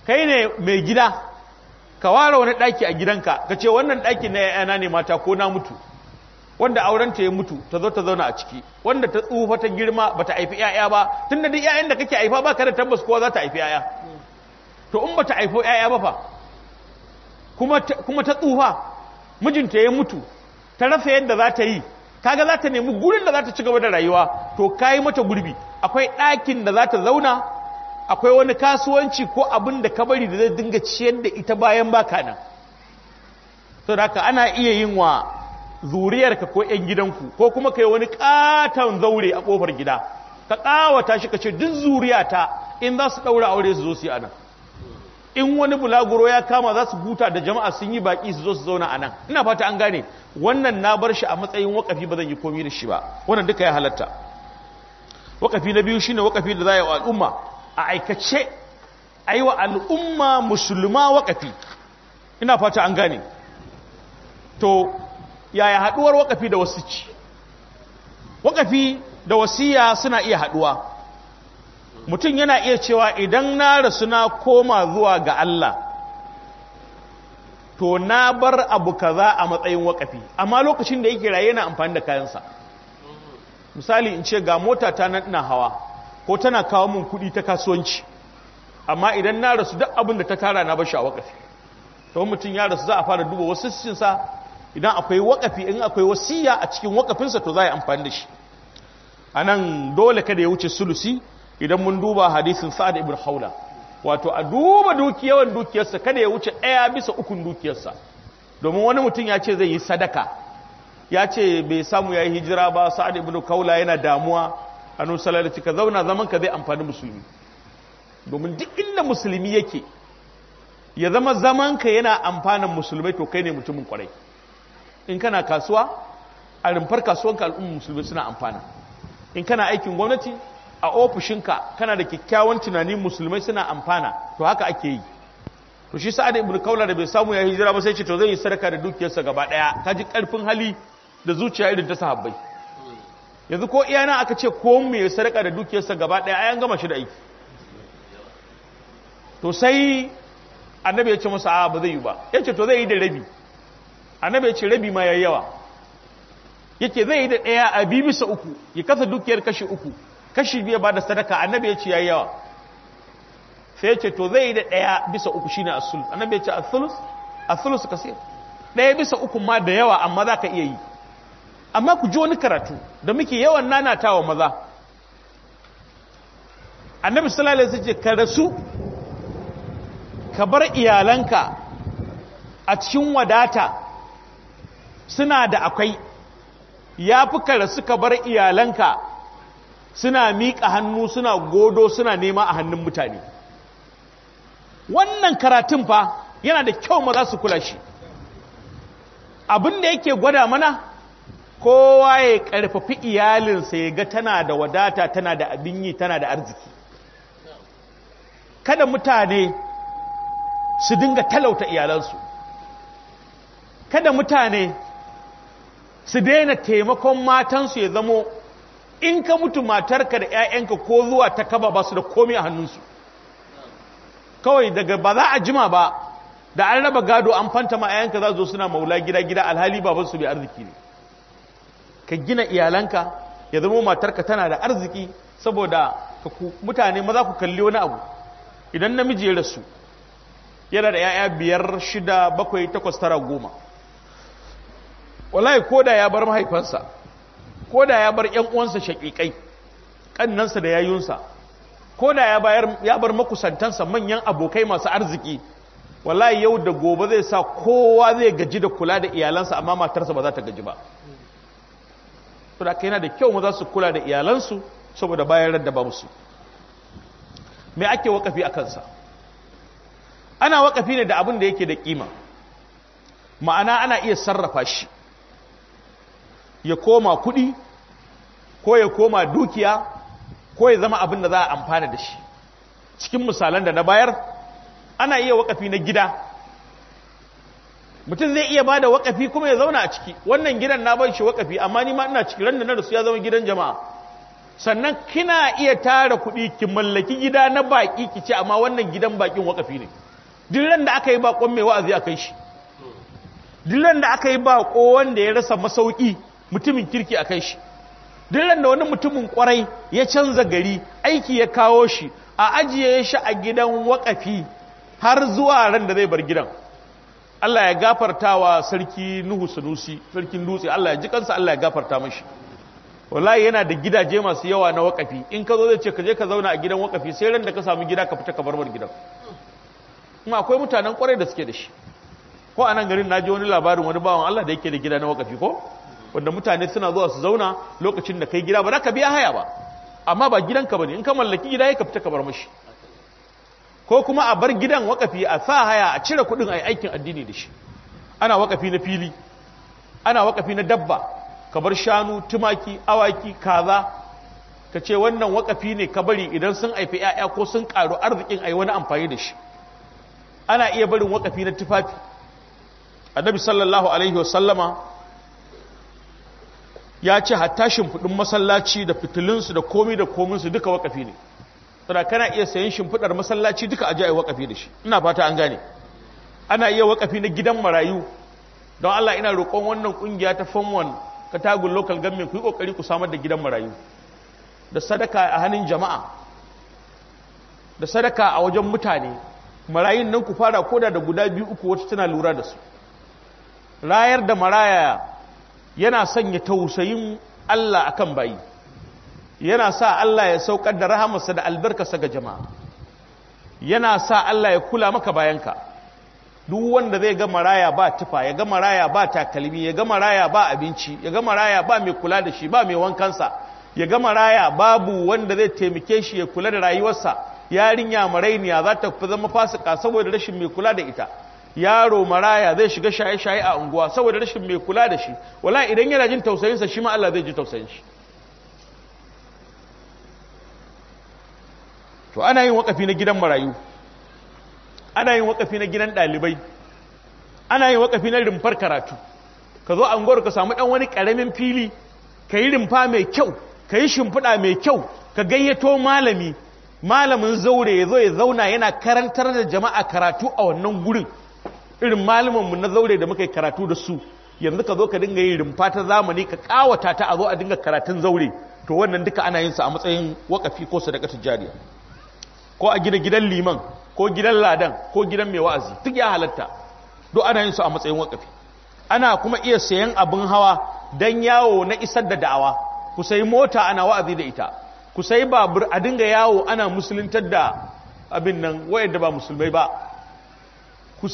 S1: kai ne mai gida ka ware wani daki a gidanka ka ce wannan daki na yana ne mata ko na mutu wanda aurenta ya mutu ta zo ta zauna a ciki wanda ta tsufa ta girma ba ta haifi 'ya'ya ba tun duk 'ya'yan da kake haifa ba ka da tabbas kowa za ta haifi 'ya'ya to in ba ta haifo 'ya'ya ba fa kuma ta tsufa mijinta ya mutu ta rasa yadda za ta yi kaga za ta nemi gurin da za ta ci gaba da rayuwa to yi mata gurbi akwai ɗakin da za ta zauna akwai wani kasuwanci ko abin da ka bari da zai dinga ciyar da ita bayan baka nan to da haka ana iya yin wa zuriyarka ko 'yan gidanku ko kuma kai wani katon zaure a kofar gida ka ƙawata shi ka ce duk zuriyata in za su ɗaura aure su zo su yi anan in wani bulaguro ya kama za su huta da jama'a sun yi baƙi su zo su zauna anan ina fata an gane wannan na bar shi a matsayin wakafi ba zan yi komi da shi ba wannan duka ya halatta wakafi na biyu shine wakafi da za a yi wa al'umma a aikace a yi wa al'umma musulma wakafi ina fata an gane to yaya haduwar wakafi da wasu ci wakafi da wasiya suna iya haɗuwa mutum yana iya cewa idan na rasu na koma zuwa ga Allah to na bar abu kaza a matsayin wakafi amma lokacin da yake raye yana amfani da kayansa misali in ce ga mota ta nan ina hawa ko tana kawo mun kuɗi ta kasuwanci amma idan na rasu duk abin da ta tara na bashi a wakafi to mutum ya rasu za a fara duba wasu sa idan akwai wakafi in akwai wasiya a cikin wakafinsa to za a yi amfani da shi anan dole kada ya wuce sulusi idan mun duba hadisin sa'ad ibn haula wato a duba dukiyawan dukiyarsa kada ya wuce ɗaya bisa ukun dukiyarsa domin wani mutum ya ce zai yi sadaka ya ce bai samu ya yi hijira ba sa'ad ibn kaula yana damuwa a sallallahu ka zauna zaman ka zai amfani musulmi domin duk inda musulmi yake ya zama zaman ka yana amfanin musulmai to kai ne mutumin kwarai in kana kasuwa a rumfar kasuwanka al'ummar musulmi suna amfana in kana aikin gwamnati a ofishinka kana da kyakkyawan tunani musulmai suna amfana to haka ake yi to shi sa'ad ibn kaula da bai samu ya hijira ba sai ce to zai yi sarka da dukiyarsa gaba daya kaji karfin hali da zuciya irin ta sahabbai yanzu ko iyana aka ce ko mai sarƙa da dukiyarsa gaba ɗaya ayan gama shi da aiki to sai annabi ya ce musu a ba zai yi ba ya ce to zai yi da rabi annabi ya ce rabi ma yayi yawa yake zai yi da ɗaya a bi bisa uku ya kasa dukiyar kashi uku kashi biya ba da sadaka annabi ya ce yayi yawa sai ya ce to zai yi da ɗaya bisa uku shine as-sulus annabi ya ce as-sulus as-sulus kasir ɗaya bisa uku ma da yawa amma za ka iya yi amma ku ji wani karatu da muke yawan nanatawa maza annabi sallallahu alaihi wasallam ka rasu ka bar iyalanka a cikin wadata suna da akwai Ya fi ka rasu ka bar iyalanka suna miƙa hannu suna godo suna nema a hannun mutane wannan karatun fa yana da kyau maza su kula shi abin da yake gwada mana kowa ya karfafi iyalinsa ya ga tana da wadata tana da abin yi tana da arziki kada mutane su dinga talauta iyalansu kada mutane su daina taimakon matansu ya zamo in ka mutu matarka da 'ya'yanka ko zuwa ta kaba ba su da komi a hannunsu kawai daga ba za a jima ba da an raba gado an fanta ma 'ya'yanka za zo suna maula gida gida alhali babansu bai arziki ne ka gina iyalanka ya zama matarka tana da arziki saboda mutane maza ku kalli wani abu idan namiji ya rasu yana da 'ya'ya biyar shida bakwai takwas tara goma wallahi ko da ya bar mahaifansa ko da ya bar 'yan uwansa shaƙiƙai ƙannansa da yayunsa ko da ya bar makusantansa manyan abokai masu arziki wallahi yau da gobe zai sa kowa zai gaji da kula da iyalansa amma matarsa ba za ta gaji ba su da yana da kyau maza su kula da iyalansu saboda bayan da ba musu me ake wakafi a kansa ana wakafi ne da abin da yake da kima ma'ana ana iya sarrafa shi ya koma kudi ko ya koma dukiya ko ya zama abin da za a amfana da shi cikin misalan da na bayar ana iya wakafi na gida mutum zai iya da wakafi kuma ya zauna a ciki wannan gidan na bai shi wakafi amma ni ma ina ciki ran da na rasu ya zama gidan jama'a sannan kina iya tara kuɗi ki mallaki gida na baki ki ce amma wannan gidan bakin wakafi ne duk da aka yi bakon mai wa'azi a kai shi duk da aka yi bako wanda ya rasa masauki mutumin kirki a kai shi duk da wani mutumin kwarai ya canza gari aiki ya kawo shi a ajiye shi a gidan wakafi har zuwa ran da zai bar gidan Allah ya gafarta wa sarki Nuhu Sanusi sarkin dutse Allah ya ji kansa Allah ya gafarta mashi wallahi yana da gidaje masu yawa na wakafi in ka zo zai ce ka je ka zauna a gidan wakafi sai ran da ka samu gida ka fita ka bar gidan kuma akwai mutanen kwarai da suke da shi ko anan garin na ji wani labarin wani bawan Allah da yake da gida na wakafi ko wanda mutane suna zuwa su zauna lokacin da kai gida ba za ka biya haya ba amma ba gidanka ba ne in ka mallaki gida ya ka fita ka bar mashi ko kuma a bar gidan wakafi a sa haya a cire kudin a aikin addini da shi ana wakafi na fili ana wakafi na dabba ka bar shanu tumaki awaki kaza ka ce wannan wakafi ne ka bari idan sun haifi 'ya'ya ko sun karu arzikin a yi wani amfani da shi ana iya barin wakafi na tufafi annabi sallallahu alaihi wasallama ya ce hatta shimfiɗin masallaci da fitilinsu da komi da kominsu duka wakafi ne saboda kana iya sayan shimfidar masallaci duka a ai wakafi da shi ina fata an gane ana iya waƙafi na gidan marayu don Allah ina roƙon wannan ƙungiya ta form ka katagun local government ku yi kokari ku samar da gidan marayu da sadaka a hannun jama'a da sadaka a wajen mutane marayun nan ku fara koda da guda biyu uku wata tana lura da su rayar da maraya yana sanya tausayin Allah akan bayi yana sa Allah ya saukar da rahamarsa da albarkarsa ga jama'a yana sa Allah ya kula maka bayanka duk wanda zai ga maraya ba tufa ya ga maraya ba takalmi ya ga maraya ba abinci ya ga maraya ba mai kula da shi ba mai wankansa ya ga maraya babu wanda zai taimake shi ya kula da rayuwarsa yarinya marainiya za ta zama fasika saboda rashin mai kula da ita yaro maraya zai shiga shaye-shaye a unguwa saboda rashin mai kula da shi wala idan yana jin tausayinsa shi ma Allah zai ji tausayin shi to ana yin wakafi na gidan marayu ana yin wakafi na gidan ɗalibai ana yin wakafi na rumfar karatu ka zo angwar ka samu ɗan wani karamin fili ka yi rumfa mai kyau ka yi shimfiɗa mai kyau ka gayyato malami malamin zaure ya zo ya zauna yana karantar da jama'a karatu a wannan gurin irin malamanmu na zaure da muka yi karatu da su yanzu ka zo ka dinga yin rumfa ta zamani ka kawata ta a zo a dinga karatun zaure to wannan duka ana yin sa a matsayin wakafi ko sadaka tijariya ko a gida gidan liman ko gidan ladan ko gidan mai wa'azi duk ya halatta duk ana yin su a matsayin wakafi ana kuma iya sayan abin hawa don yawo na isar da da'awa ku sai mota ana wa'azi da ita ku sai babur a dinga yawo ana musuluntar da abin nan wayanda ba musulmai ba ku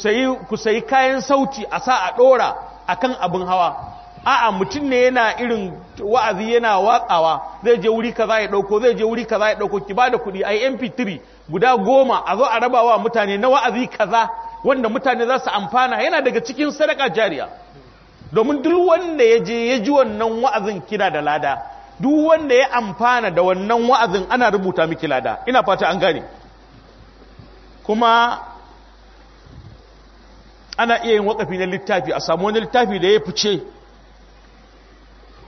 S1: sayi kayan sauti a sa a ɗora a kan abin hawa a'a mutum ne yana irin wa'azi yana watsawa zai je wuri kaza ya dauko zai je wuri kaza ya dauko ki bada kuɗi ai mp3 guda goma a zo a raba wa mutane na wa'azi kaza wanda mutane za su amfana yana daga cikin sadaka jariya domin duk wanda ya je ya ji wannan wa'azin kina da lada duk wanda ya amfana da wannan wa'azin ana rubuta miki lada ina fata an gane kuma ana iya yin wakafi na littafi a samu wani littafi da ya fice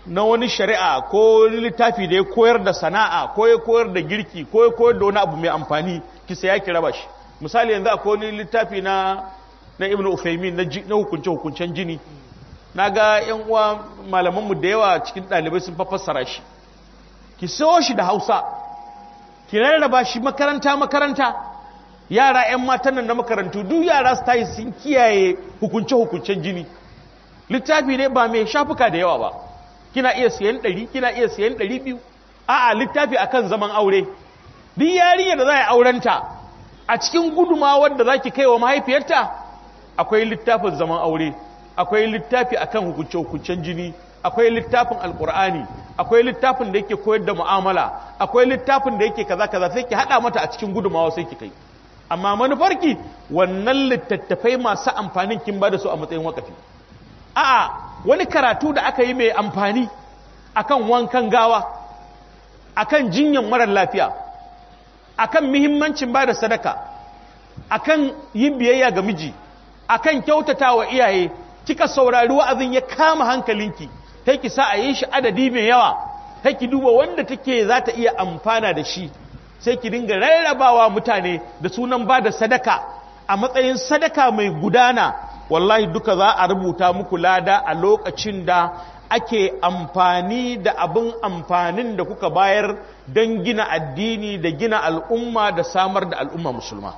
S1: na wani shari'a ko wani littafi da ya koyar da sana'a ko ya koyar da girki ko ya koyar da wani abu mai amfani kisa ya kira shi misali yanzu akwai wani littafi na na ibnu na hukunce hukuncen jini na ga yan uwa malamanmu da yawa cikin ɗalibai sun fassara shi ki sayo shi da hausa ki rarraba shi makaranta makaranta yara yan matan nan na makarantu duk yara su tayi sun kiyaye hukunce hukuncen jini littafi ne ba mai shafuka da yawa ba kina iya siyan ɗari kina iya siyan ɗari biyu a'a littafi akan zaman aure duk yarinya da za a aurenta a cikin gudumawar wadda za ki kai wa mahaifiyarta akwai littafin zaman aure akwai littafi akan hukunce-hukuncen jini akwai littafin alkur'ani akwai littafin da yake koyar da mu'amala akwai littafin da yake kaza kaza sai ki hada mata a cikin gudumawa sai ki kai amma manufarki wannan littattafai masu amfanin kin ba da su a matsayin wakafi a'a wani karatu da aka yi mai amfani akan wankan gawa akan jinyan marar lafiya akan muhimmancin ba da sadaka akan yin biyayya ga miji akan kyautata wa iyaye kika saurari wa'azin ya kama hankalinki sai ki sa a yi shi adadi mai yawa sai ki duba wanda take za ta iya amfana da shi sai ki dinga rarrabawa mutane da sunan ba da sadaka a matsayin sadaka mai gudana wallahi duka za a rubuta muku lada a lokacin da ake amfani da abin amfanin da kuka bayar don gina addini da gina al'umma da samar da al'umma musulma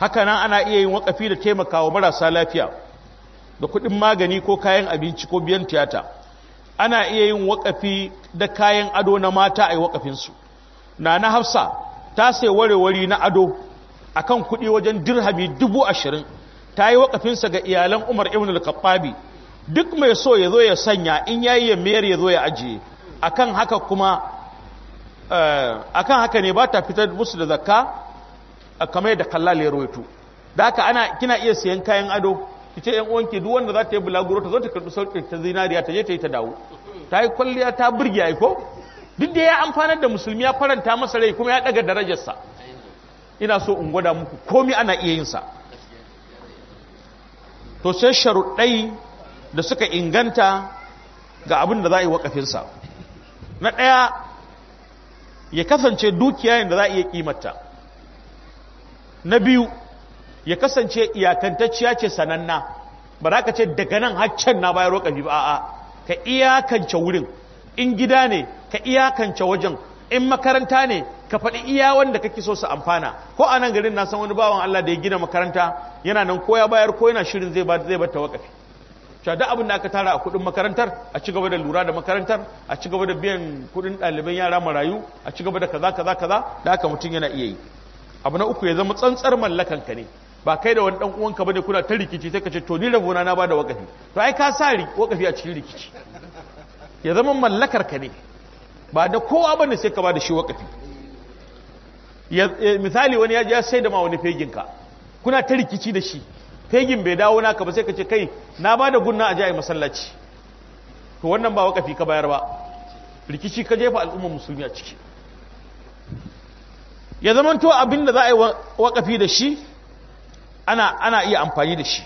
S1: haka nan ana iya yin wakafi da taimakawa marasa lafiya da kuɗin magani ko kayan abinci ko biyan tiyata ana iya yin wakafi da kayan ado na mata a yi wakafinsu na na hafsa ta sai warewari na ado akan kuɗi wajen dirhami dubu ashirin ta yi waƙafinsa ga iyalan umar ibn al kabbabi duk mai so ya zo ya sanya in yayi ya mayar ya zo ya ajiye akan haka kuma eh, akan haka ne ba ta fitar musu da zakka kamar yadda kallal ya rawaito da ana kina iya siyan kayan ado kice yan uwanki duk wanda za ta yi bulaguro ta zo ta karbi sauƙin ta zinariya ta je ta yi ta dawo ta yi kwalliya ta burge yi ko duk da ya amfanar da musulmi ya faranta masa rai kuma ya daga darajarsa ina so in gwada muku komi ana iya yin sa to sai sharuɗai da suka inganta ga abin da za a yi waƙafinsa na ɗaya ya kasance dukiya da za a iya ƙimata na biyu ya kasance iyakantacciya ce sananna ba za ka ce daga nan haccen na bayar waƙafi ba a ka iyakance wurin in gida ne ka iyakance wajen in makaranta ne ka faɗi iya wanda kake so su amfana ko a nan garin na san wani bawan Allah da ya gina makaranta yana nan ko ya bayar ko yana shirin zai ba zai bata wakafi to da abin da aka tara a kuɗin makarantar a ci gaba da lura da makarantar a ci gaba da biyan kuɗin ɗaliban yara marayu a ci gaba da kaza kaza kaza da haka mutum yana iya yi abu na uku ya zama tsantsar mallakan ka ne ba kai da wani dan uwanka bane kuna ta rikici sai ka ce to ni rabona na bada wakafi to ai ka sa wakafi a cikin rikici ya zama mallakar ka ne ba da kowa bane sai ka ba da shi wakafi Eh, misali wani ya ji sai da ma wani fegin ka kuna ta rikici da shi fegin bai dawo naka ba sai ka ce kai na ba da gunna a ji a masallaci to wannan ba wakafi ka bayar ba rikici ka jefa al'ummar musulmi a ciki ya to abin da za a yi wakafi da shi ana ana iya amfani da shi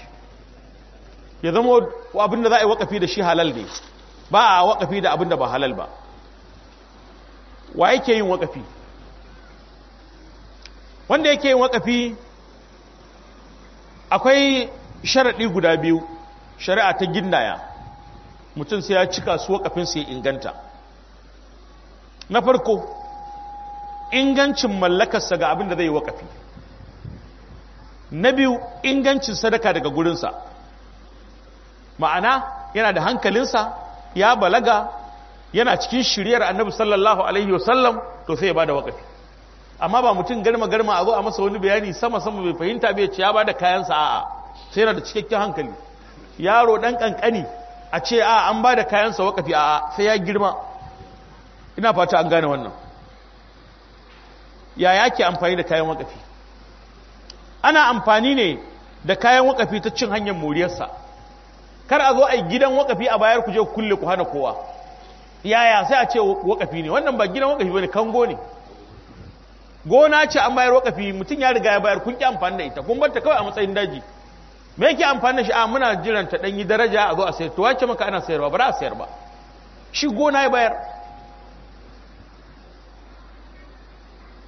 S1: ya zama abin da za a yi wakafi da shi halal ne ba a wakafi da abin da ba halal ba wa yake yin wakafi wanda yake yin wakafi akwai sharaɗi guda biyu shari'a ta gindaya mutum sai ya cika su su ya inganta na farko ingancin mallakarsa ga abin da zai yi waƙafi na biyu ingancin sadaka daga gurinsa ma'ana yana da hankalinsa ya balaga yana cikin shiriyar annabi sallallahu alaihi wasallam to sai ya da wakafi amma ba mutum garma garma a zo a masa wani bayani sama sama bai fahimta bai ce ya ba da kayan a'a sai yana da cikakken hankali yaro dan kankani a ce a an ba da kayan sa wakati a sai ya girma ina fata an gane wannan ya yake amfani da kayan wakafi ana amfani ne da kayan wakafi ta cin hanyar moriyarsa kar a zo a gidan wakafi a bayar ku je kulle ku hana kowa yaya sai a ce wakafi ne wannan ba gidan wakafi bane kango ne gona ce an bayar wakafi mutum ya riga ya bayar kun ki amfani da ita kun bar ta kawai a matsayin daji me yake amfani da shi a muna jiran ta dan yi daraja a zo a sayar to wace maka ana sayarwa ba za a sayar ba shi gona ya bayar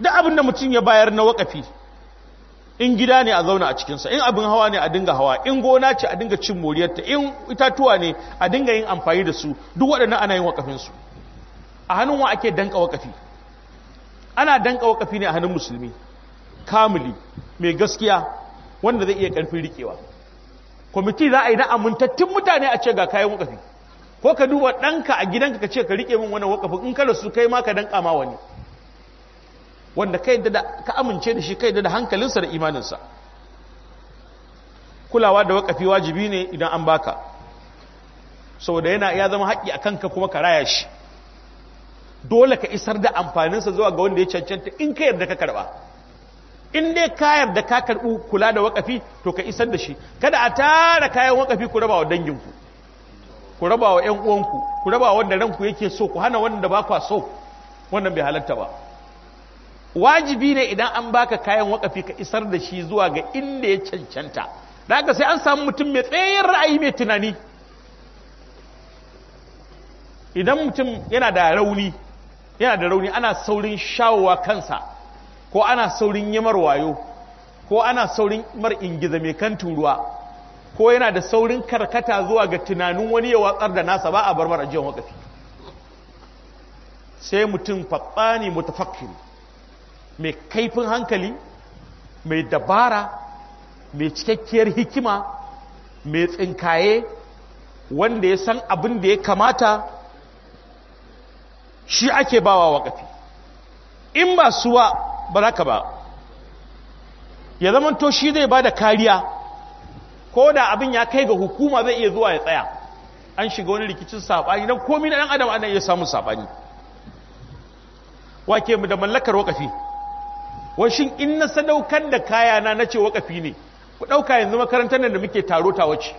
S1: duk abin da mutum ya bayar na wakafi in gida ne a zauna a cikinsa in abin hawa ne a dinga hawa in gona ce a dinga cin moriyarta in itatuwa ne a dinga yin amfani da su duk waɗannan ana yin wakafin su a hannun wa ake danka wakafi ana danka wakafi ne a hannun musulmi kamili mai gaskiya wanda zai iya karfin rikewa kwamiti za a yi na amintattun mutane a ce ga kayan wakafi ko ka duba ɗanka a gidanka ka ce ka rike min wani wakafi in kala su kai ma ka danka ma wani wanda kai da ka amince da shi kai da hankalinsa da imaninsa kulawa da wakafi wajibi ne idan an baka Sau da yana ya zama haƙƙi a kanka kuma ka raya shi dole ka isar da amfaninsa zuwa ga wanda ya cancanta in ka yarda ka karba in dai ka yarda ka karbu kula da wakafi to ka isar da shi kada a tara kayan wakafi ku raba wa danginku ku raba wa ƴan uwanku ku raba wa wanda ranku yake so ku hana wanda ba ku so wannan bai halarta ba wajibi ne idan an baka kayan wakafi ka isar da shi zuwa ga inda ya cancanta da ga sai an samu mutum mai tsayin ra'ayi mai tunani idan mutum yana da rauni yana da rauni ana saurin shawowa kansa ko ana saurin yamar wayo ko ana saurin mar ingiza mai kan turuwa ko yana da saurin karkata zuwa ga tunanin wani ya watsar da nasa ba a barbar ajiyar wakafi sai mutum fatsani mutafakiri mai kaifin hankali mai dabara mai cikakkiyar hikima mai tsinkaye wanda ya san abin da ya kamata shi ake bawa waƙafi in ba suwa ba za ka ba ya zamanto shi zai ba da kariya ko da abin ya kai ga hukuma zai iya zuwa ya tsaya an shiga wani rikicin saɓani don komi na ɗan adam ana iya samun saɓani wake mu da mallakar wakafi washin in na sadaukar da kaya na ce wakafi ne ku ɗauka yanzu makarantar nan da muke taro ta wace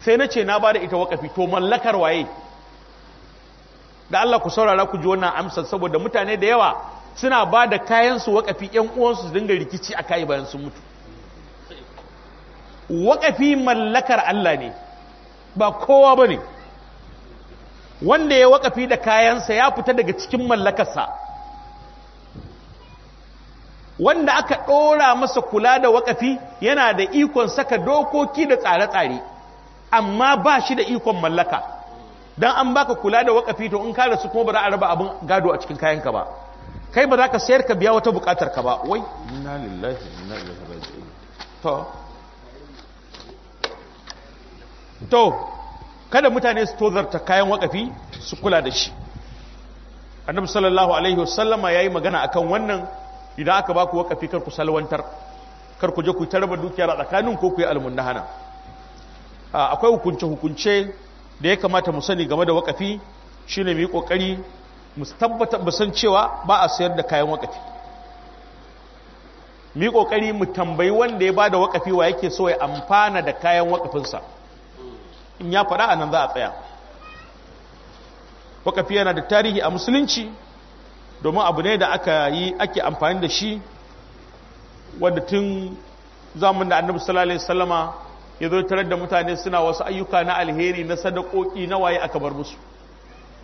S1: sai na ce na ba da ita wakafi to mallakar waye da Allah ku saurara ku ji wannan amsar saboda mutane da yawa suna ba da kayansu wakafi ‘yan uwansu su dinga rikici a kai bayan sun mutu wakafi mallakar Allah ne ba kowa bane wanda ya wakafi da kayansa ya fita daga cikin mallakarsa wanda aka ɗora masa kula da wakafi yana da ikon saka dokoki da tsare-tsare amma ba shi da ikon mallaka dan an baka kula da wakafi to in ka rasu kuma ba za a raba abin gado a cikin kayan ka ba kai ba ka sayar ka biya wata bukatar ka ba wai inna lillahi inna ilaihi raji'un to to kada mutane su tozarta kayan wakafi su kula da shi annabi sallallahu alaihi wasallama yayi magana akan wannan idan aka baku wakafi kar ku salwantar kar ku je ku tarba dukiyar a tsakanin ko ku yi almundahana akwai hukunce hukunce da ya kamata mu sani game da wakafi shine mu yi kokari mu tabbatar mu san cewa ba a sayar da kayan wakafi mu yi kokari mu tambayi wanda ya bada wakafi wa yake so ya amfana da kayan wakafinsa in ya faɗa a nan za a tsaya wakafi yana da tarihi a musulunci domin abu ne da aka yi ake amfani da shi wanda tun zamanin da annabi sallallahu alaihi wasallama ya zo tarar da mutane suna wasu ayyuka na alheri na sadakoki na waye aka bar musu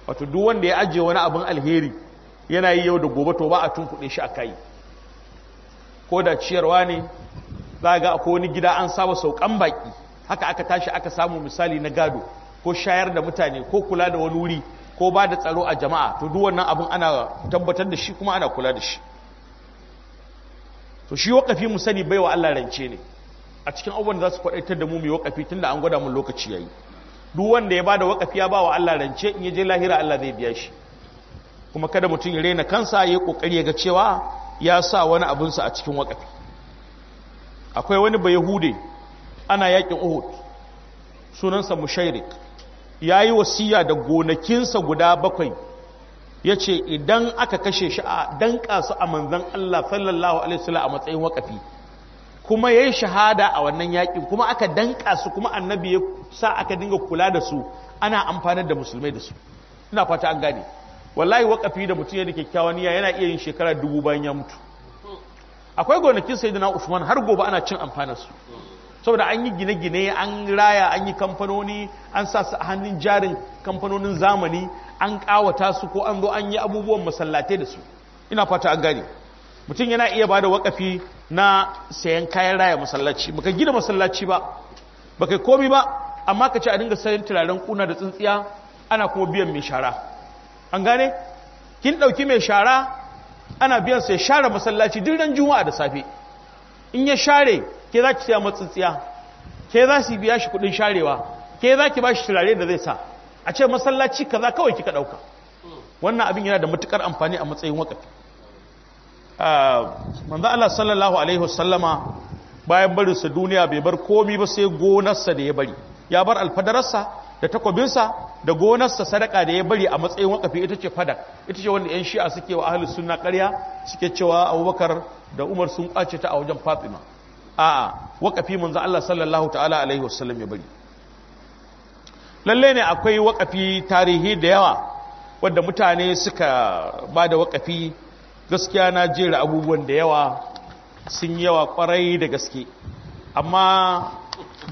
S1: wato duk wanda ya ajiye wani abin alheri yana yi yau da gobe to ba a kuɗe shi a kai ko da ciyarwa ne za ga akwai wani gida an saba saukan baki haka aka tashi aka samu misali na gado ko shayar da mutane ko kula da wani wuri ko ba da tsaro a jama'a to duk wannan abin ana tabbatar da shi kuma ana kula da shi to shi wakafi mu sani baiwa Allah rance ne a cikin abubuwan za su kwadaitar da mu mai wakafi tun da an gwada mun lokaci yayi duk wanda ya ba da wakafi ya ba wa Allah rance in ya je lahira Allah zai biya shi kuma kada mutum ya rena kansa ya kokari ya ga cewa ya sa wani abun sa a cikin wakafi akwai wani bayahude ana yakin Uhud sunansa Mushairik yayi wasiya da gonakinsa guda bakwai Ya ce idan aka kashe shi a danka su a manzon Allah sallallahu alaihi wasallam a matsayin wakafi kuma ya yi shahada a wannan yakin kuma aka danka su kuma annabi ya sa aka dinga kula da su ana amfanar da musulmai da su ina fata an gane wallahi wakafi da mutum yadda kyakkyawan niyya yana iya yin shekara dubu bayan ya mutu akwai gonakin sayyidina usman har gobe ana cin amfanar su saboda an yi gine-gine an raya an yi kamfanoni an sa su a hannun jarin kamfanonin zamani an kawata su ko an zo an yi abubuwan masallatai da su ina fata an gane mutum yana iya ba da wakafi na sayan kayan raya masallaci baka gina masallaci ba baka komi ba amma ka ci a dinga sayan turaren kuna da tsintsiya ana kuma biyan mai shara an gane kin dauki mai shara ana biyan sai share masallaci duk ran juma'a da safe in ya share ke za ki siya matsintsiya ke za su biya shi kudin sharewa ke za ki ba shi turare da zai sa a ce masallaci kaza kawai kika dauka wannan abin yana da matukar amfani a matsayin wakafi Ah, manzo Allah sallallahu alaihi wasallama bayan barinsa duniya bai bar komi ba sai gonarsa da ya bari ya bar alfadarsa da takwabinsa da gonarsa sadaka da ya bari a matsayin wakafi ita ce fadak ita ce wanda 'yan shi'a suke wa ahlus sunna karya suke cewa abubakar da umar sun kwace ta a wajen fatima a'a wakafi manzo Allah sallallahu ta'ala alaihi wasallam ya bari lalle ne akwai wakafi tarihi da yawa wanda mutane suka ba da wakafi gaskiya na jera abubuwan da yawa sun yawa kwarai da gaske amma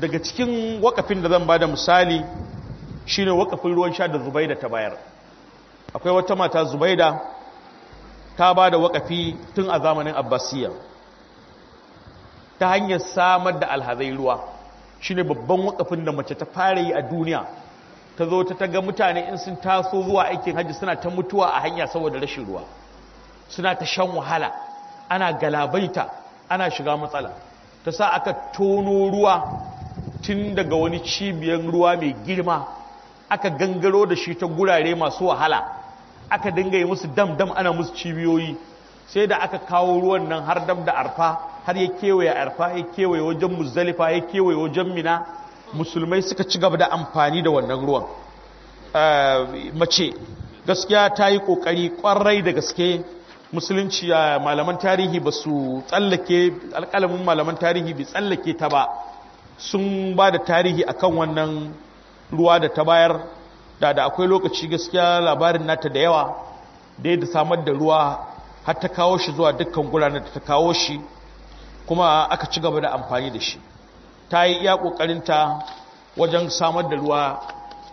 S1: daga cikin wakafin da zan ba da misali shine wakafin ruwan sha da zubaida ta bayar akwai wata mata zubaida ta ba da wakafi tun a zamanin abbasiyya ta hanyar samar da alhazai ruwa shine babban wakafin da mace ta fara yi a duniya ta zo ta taga mutane in sun taso zuwa aikin hajji suna ta mutuwa a hanya saboda rashin ruwa suna ta shan wahala ana galabaita ana shiga matsala ta sa aka tono ruwa tun daga wani cibiyar ruwa mai girma aka gangaro da shi ta gurare masu wahala aka dinga yi musu dam-dam ana musu cibiyoyi sai da aka kawo ruwan nan har dam da arfa har ya kewaye arfa ya kewaye wajen muzalifa ya kewaye wajen mina musulmai suka ci gaba da amfani da wannan ruwan eh, mace gaskiya ta yi ƙoƙari ƙwarai da gaske musulunci malaman tarihi ba su tsallake alƙalamin malaman tarihi bai tsallake ta ba sun ba da tarihi akan wannan ruwa da ta bayar da da akwai lokaci gaskiya labarin nata da yawa da da samar da ruwa har ta kawo shi zuwa dukkan guranar da ta kawo shi kuma aka ci gaba da amfani da shi ta yi iya ƙoƙarinta wajen samar da ruwa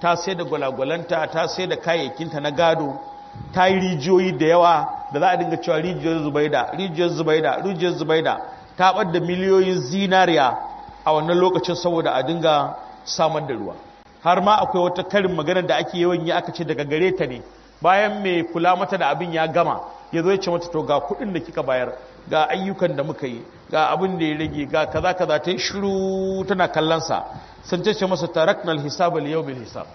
S1: ta sai da gwalagwalanta ta sai da kayayyakinta na gado ta yi rijiyoyi da yawa da za a dinga cewa rijiyar zubaida rijiyar zubaida rijiyar zubaida ta ɓadda miliyoyin zinariya a wannan lokacin saboda a dinga samar da ruwa har ma akwai wata karin magana da ake yawan yi aka ce daga gare ta ne bayan mai kula mata da abin ya gama ya zo ya mata to ga kuɗin da kika bayar ga ayyukan da muka yi ga abin da ya rage ga kaza kaza ta shiru tana kallonsa sun ce masa taraknal hisab al yawmil hisab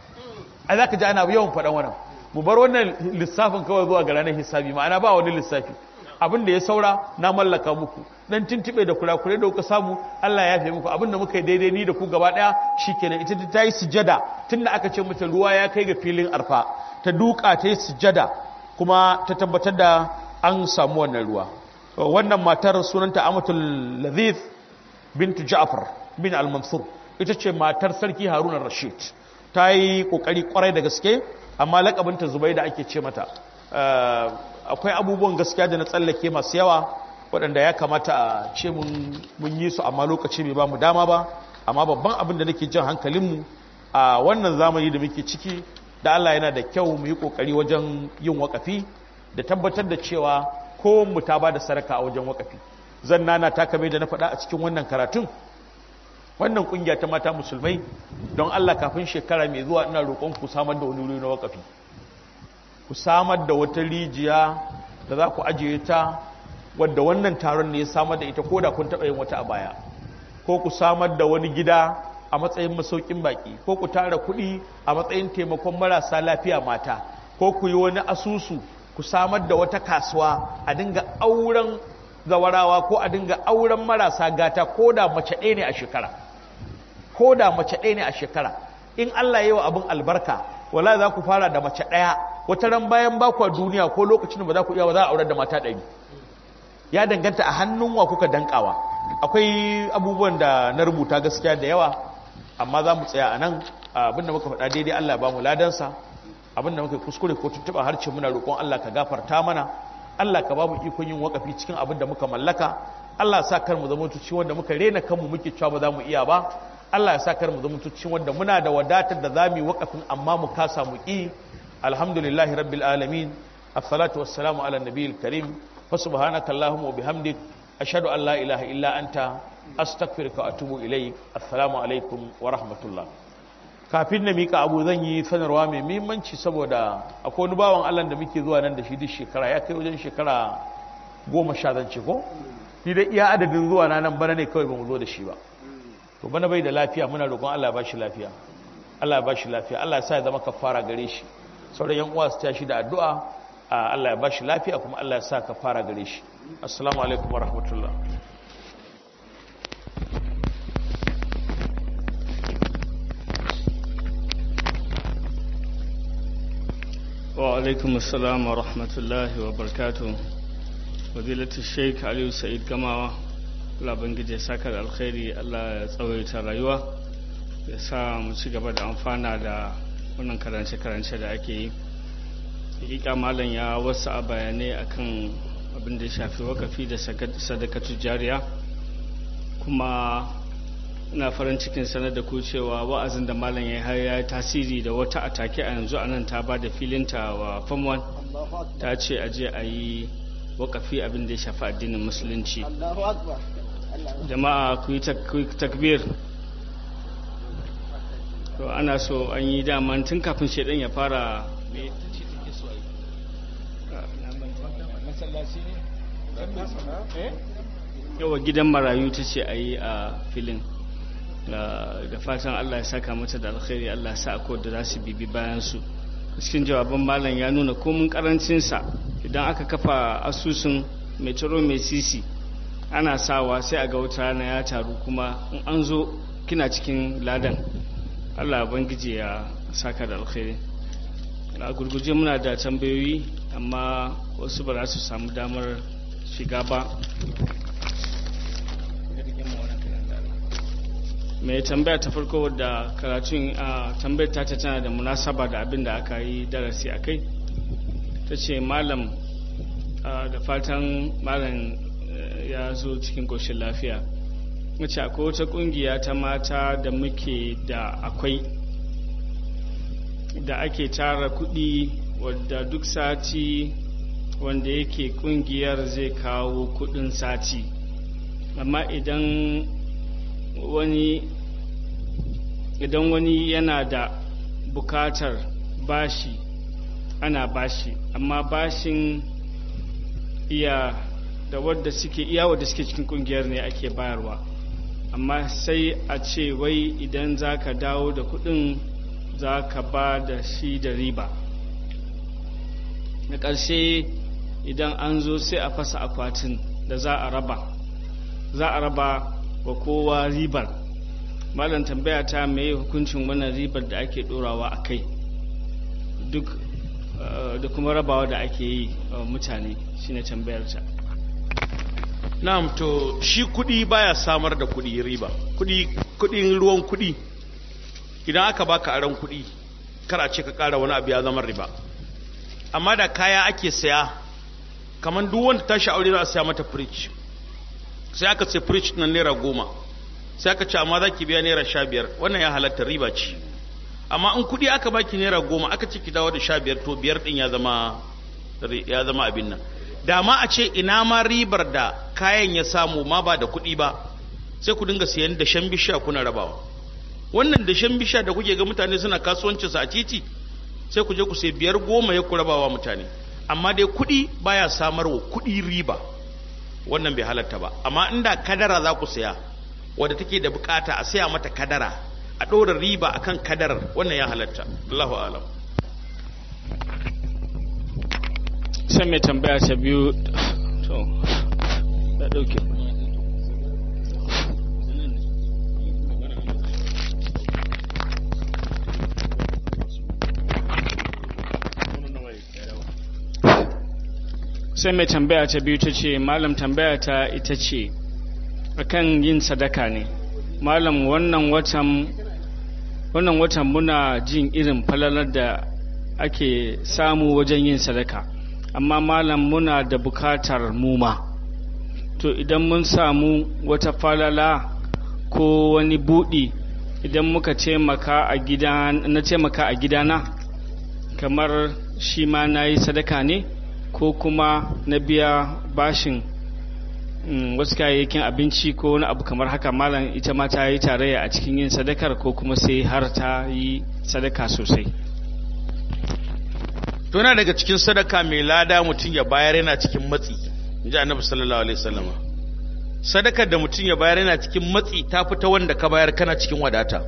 S1: ai zaka ji ana yawan faɗan wannan mu bar wannan lissafin kawai zuwa ga ranar hisabi ma'ana ba wani lissafi abin da ya saura na mallaka muku dan tuntube da kurakure da kuka samu Allah ya yafe muku abin da muka yi daidai ni da ku gaba daya shikenan ita ta yi sujada tunda aka ce mata ruwa ya kai ga filin arfa ta duka ta yi sujada kuma ta tabbatar da an samu wannan ruwa wannan matar sunanta Amatul Ladhith bint Ja'far bin Al-Mansur ita ce matar sarki Harun Rashid ta yi kokari kwarai da gaske amma lakabinta da ake ce mata eh, akwai abubuwan gaskiya da na tsallake masu yawa waɗanda ya kamata a ce mun yi su amma lokaci bai ba mu dama ba amma babban abin da nake jan hankalinmu a wannan zamani da muke ciki da Allah yana da kyau mu yi kokari wajen yin wakafi da tabbatar da cewa ko mu ta ba da saraka a wajen wakafi zan nana ta da na faɗa a cikin wannan karatun wannan kungiya ta mata musulmai don Allah kafin shekara mai zuwa ina roƙon ku samar da wani wuri na wakafi ku samar da wata rijiya da za ku ajiye ta wadda wannan taron ne ya samar da ita ko da kun taɓa yin wata a baya ko ku samar da wani gida a matsayin masaukin baƙi ko ku tara kuɗi a matsayin taimakon marasa lafiya mata ko ku yi wani asusu ku samar da wata kasuwa a dinga auren zawarawa ko a dinga auren marasa gata ko da mace ɗaya ne a shekara ko da mace ɗaya ne a shekara in Allah ya yi wa abin albarka wala za ku fara da mace ɗaya wata ran bayan ba ku duniya ko lokacin ba za ku iya ba za a aurar da mata ɗari ya danganta a hannun wa kuka dankawa akwai abubuwan da na rubuta gaskiya da yawa amma za mu tsaya a nan da muka faɗa daidai Allah ba mu ladansa da muka kuskure ko tuntuɓa harce muna roƙon Allah ka gafarta mana Allah ka ba mu ikon yin wakafi cikin abin da muka mallaka Allah sa kar mu zama tuci wanda muka rena kanmu muke cewa ba za mu iya ba Allah ya sakar mu zama cikin wanda muna da wadatar da zamu yi wakafin amma mu kasa mu ki alhamdulillahi rabbil alamin as-salatu was-salamu ala nabiyil karim fa subhanaka allahumma wa bihamdik ashhadu an la ilaha illa anta astaghfiruka wa atubu assalamu alaikum wa rahmatullah kafin na mika abu zan yi sanarwa mai muhimmanci saboda akwai wani bawan Allah da muke zuwa nan da shi duk shekara ya kai wajen shekara goma sha zance ko ni dai iya adadin zuwa na nan bana ne kawai ba mu zo da shi ba to bana bai da lafiya muna roƙon Allah ba shi lafiya Allah ba shi lafiya Allah sa ya zama kafara gare shi sauran yan uwa su tashi da addu'a Allah ya ba shi lafiya kuma Allah ya sa kafara gare shi assalamu alaikum Wa
S2: وعليكم السلام ورحمة الله وبركاته فضيلة الشيخ Aliyu Sa'id Kamawa. Allah ya saka da alkhairi Allah ya tsawaita rayuwa ya sa mu ci gaba da amfana da wannan karance-karance da ake yi hakika malam ya wasu a bayanai akan abin da ya shafi wakafi da sadakatu jariya kuma ina farin cikin sanar da ku cewa wa'azin da malam ya har ya tasiri da wata atake a yanzu anan ta ba da filinta wa famwan ta ce a je a yi wakafi abin da ya shafi addinin musulunci jama'a ku yi takbir to ana so an yi daman tun kafin shaidan ya fara eh? yawa gidan marayu ta ce a yi a filin da fatan allah ya saka mata da alkhairi allah ya sa a da za su bibi bayansu cikin jawaban malam ya nuna komin karancinsa idan aka kafa asusun metro mai sisi ana sawa sai a ga wata rana ya taru kuma in an zo kina cikin ladan allah gije ya saka da alkhairi a gurguje muna da tambayoyi amma wasu ba za su samu damar shiga ba mai tambaya ta farko wadda karatun a tambayar ta tana da munasaba da abin da aka yi darasi a kai ta ce malam da fatan malam ya zo cikin koshin lafiya mace akwai wata ƙungiya ta mata da muke da akwai da ake tara kuɗi wadda duk sati wanda yake ƙungiyar zai kawo kuɗin sati amma idan wani idan wani yana da bukatar bashi ana bashi amma bashin iya da wadda suke iya wadda suke cikin kungiyar ne ake bayarwa amma sai a ce wai idan za ka dawo da kudin za ka ba da shi da riba na ƙarshe idan an zo sai a fasa akwatin da za a raba za a raba wa kowa ribar malam tambaya ta mai hukuncin wannan ribar da ake ɗorawa a kai duk eh, da kuma rabawa da ake yi eh, mutane shine tambayarta
S1: na'am to shi kudi baya samar da kudi riba kudi kudin ruwan kudi idan aka baka aran kudi kar a ce ka kara wani abu ya zama riba amma da kaya ake saya kamar duk wanda tashi aure za a saya mata fridge sai aka ce fridge nan naira goma sai aka ce amma za ki biya naira sha biyar wannan ya halatta riba ce amma in kudi aka baki naira goma aka ce ki dawo da sha biyar to biyar din ya zama ya zama abin nan da ma a ce ina ma ribar da kayan ya samu ma ba da kuɗi ba sai ku dinga siyan dashen bishiya kuna rabawa wannan dashen bishiya da kuke ga mutane suna kasuwanci su a titi sai ku je ku sai biyar goma ya ku rabawa mutane amma dai kuɗi baya samarwa kuɗi riba wannan bai halatta ba amma inda kadara za ku saya wadda take da bukata a saya mata kadara a ɗora riba akan kadarar wannan ya halatta
S2: Allahu alam sai mai tambaya ta biyu sai mai tambaya ta biyu ta ce malam tambaya ta ita ce akan yin sadaka ne malam wannan watan wannan watan muna jin irin falalar da ake samu wajen yin sadaka amma malam muna da bukatar muma to idan mun samu wata falala ko wani buɗi idan muka taimaka a gida na taimaka a gidana kamar shi ma na yi sadaka ne ko kuma na biya bashin mm, wasu kayayyakin abinci ko wani abu kamar haka malam ita ma ta yi tarayya a cikin yin sadakar ko kuma sai har ta yi sadaka sosai tuna daga cikin sadaka mai lada mutum ya bayar yana cikin
S1: matsi ji annabi sallallahu alaihi wasallama sadakar da mutum ya bayar yana cikin matsi ta fita wanda ka bayar kana cikin wadata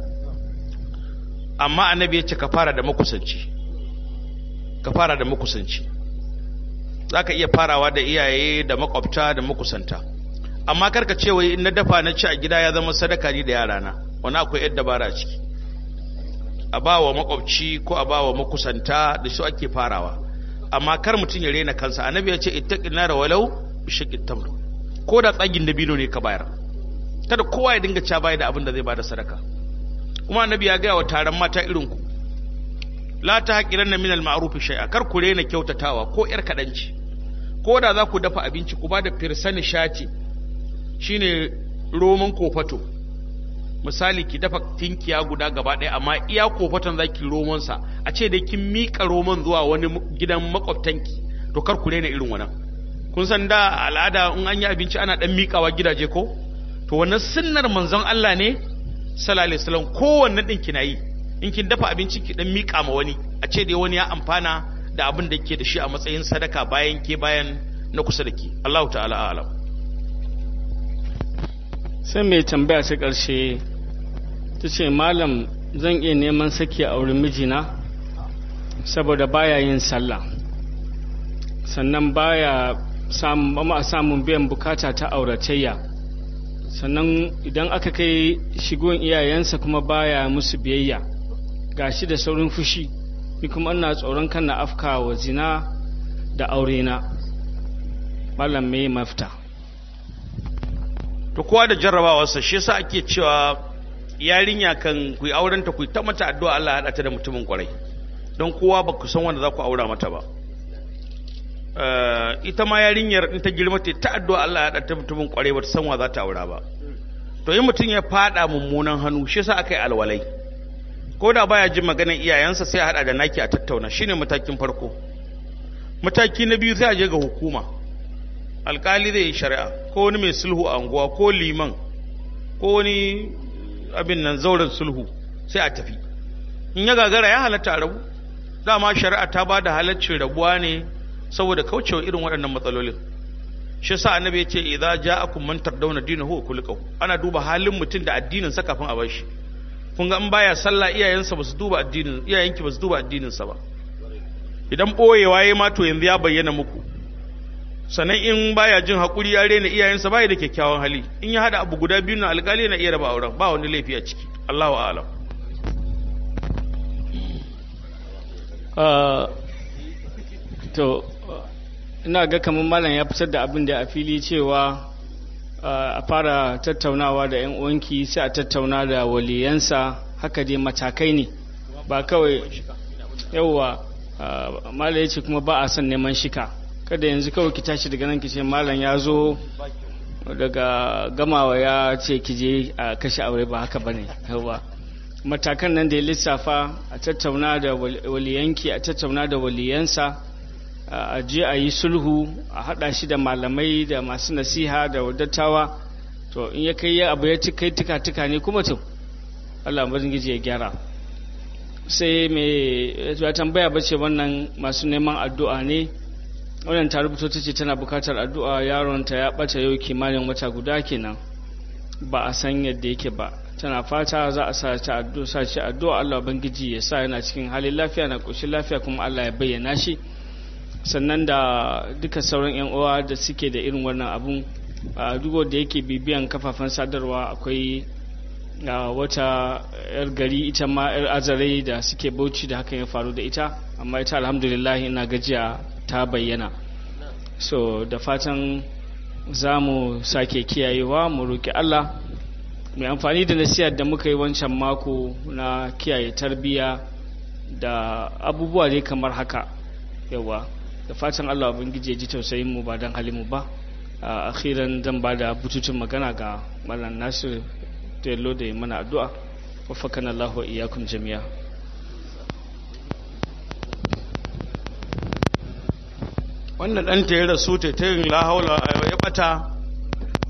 S1: amma annabi ya ce ka fara da makusanci ka fara da makusanci za ka iya farawa da iyaye da makwabta da makusanta amma karka ce wai in na dafa na ci a gida ya zama sadaka ni da yarana wani akwai yadda bara a ciki a ba wa makwabci ko a ba wa makusanta da su ake farawa amma kar mutum ya rena kansa annabi ya ce ittaqin nar walau bishikin tamr ko da tsagin dabino ne ka bayar kada kowa ya dinga ca baya da abin da zai bada sadaka kuma annabi ya gaya wa taron mata irin ku la ta haqiranna min al-ma'ruf shay'a kar ku rena kyautatawa ko yar kadanci ko da za ku dafa abinci ku bada firsani shati shine roman kofato misali ki dafa tinkiya guda gaba ɗaya amma iya kofaton za ki romansa a ce dai kin miƙa roman zuwa wani gidan makwabtanki to kar ku rena irin wannan kun san da al'ada in an yi abinci ana dan mikawa gidaje ko to wannan sunnar manzon Allah ne sallallahu alaihi wasallam kowanne din kina yi in kin dafa abinci ki dan mika ma wani a ce dai wani ya amfana da abin da ke da shi a matsayin sadaka bayan ke bayan na kusa da ke Allah ta'ala alam
S2: sai mai tambaya ta karshe ta ce malam zan iya neman saki a wurin mijina saboda baya yin sallah sannan baya samun biyan bukata ta auratayya sannan idan aka kai shigon iyayensa kuma baya musu biyayya ga shi da saurin fushi ni kuma ina tsoron kan na afka wa zina da aurena malam mai mafita
S1: to kowa da jarrabawarsa shi yasa ake cewa yarinya kan ku yi aurenta ku yi ta mata addu'a Allah ya hada ta da mutumin kwarai don kowa ba ku san wanda za ku aura mata ba Eh, ita ma yarinyar in ta girma ta ta addu'a Allah ya ta mutumin kware ba ta san za ta aura ba to in mutum ya faɗa mummunan hannu shi yasa aka yi alwalai ko da baya jin maganar iyayensa sai a hada da naki a tattauna shine matakin farko mataki na biyu sai a je ga hukuma alkali zai yi shari'a ko wani mai sulhu a unguwa ko liman ko wani abin nan zauren sulhu sai a tafi in ya gagara ya halatta a rabu dama shari'a ta bada da halaccin rabuwa ne saboda kaucewa irin waɗannan matsalolin shi sa annabi yace idza ja'akum man tardawna dinahu wa kulqahu ana duba halin mutum da addinin sa kafin a shi, kun ga in baya sallah iyayensa basu duba addinin iyayenki basu duba addinin sa ba idan boyewa yayi ma to yanzu ya bayyana muku sannan in baya jin hakuri ya rena iyayensa bai da kyakkyawan hali in ya hada abu guda biyu na alƙali na iya raba auren ba wani laifi a ciki Allahu a'lam
S2: ah, to ina ga kamar malam ya fitar da abin da a fili cewa a fara tattaunawa da 'yan uwanki sai a tattauna da waliyansa haka dai matakai ne ba kawai yawa malam ya ce kuma ba a son neman shika kada yanzu kawai ki tashi daga nan ki ce malam ya zo daga gamawa ya ce ki je a kashe aure ba haka bane yawa matakan nan da ya lissafa a tattauna da waliyanki a tattauna da waliyansa a je a yi sulhu a haɗa shi da malamai da masu nasiha da wadattawa to in ya kai abu ya ci kai tuka-tuka ne kuma to Allah ya gyara sai mai ya tambaya bace wannan masu neman addu'a ne wannan ta rubuto ta ce tana bukatar addu'a yaronta ya ɓata yau kimanin wata guda kenan ba a san yadda yake ba tana fata za a sa ta addu'a sa addu'a Allah ubangiji ya sa yana cikin halin lafiya na ƙoshin lafiya kuma Allah ya bayyana shi sannan da duka sauran 'yan uwa da suke da irin wannan abun duk da yake bibiyan kafafen sadarwa akwai wata 'yar gari ita ma 'yar azarai da suke bauchi da hakan ya faru da ita amma ita alhamdulillah ina gajiya ta bayyana so da fatan za mu sake kiyayewa mu roƙi allah mai amfani da nasiyar da muka yi wancan mako na kiyaye tarbiyya da abubuwa dai kamar haka yawa da fatan Allah abin ya ji tausayin mu ba dan halin mu ba a akhiran zan ba da bututun magana ga malam Nasir Tello da mana addu'a wafakana Allah wa iyakun jami'a
S1: wannan dan ta yi rasu ta tayin la haula ya bata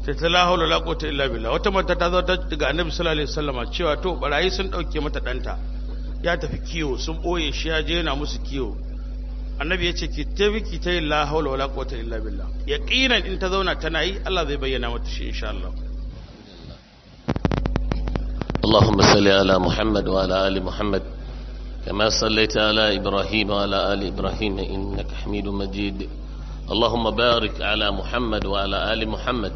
S1: ta ta la haula la quwwata illa billah wata mata ta zo daga annabi sallallahu alaihi wasallama cewa to barayi sun dauke mata danta ya tafi kiyo sun boye shi ya je yana musu kiyo annabi ya ce ki tabi ki ta yi la haula wala quwwata illa billah yaqinan in ta zauna tana yi Allah zai bayyana mata shi insha Allah
S3: اللهم صل على محمد وعلى آل محمد كما صليت على إبراهيم وعلى آل إبراهيم إنك حميد مجيد اللهم بارك على محمد وعلى آل محمد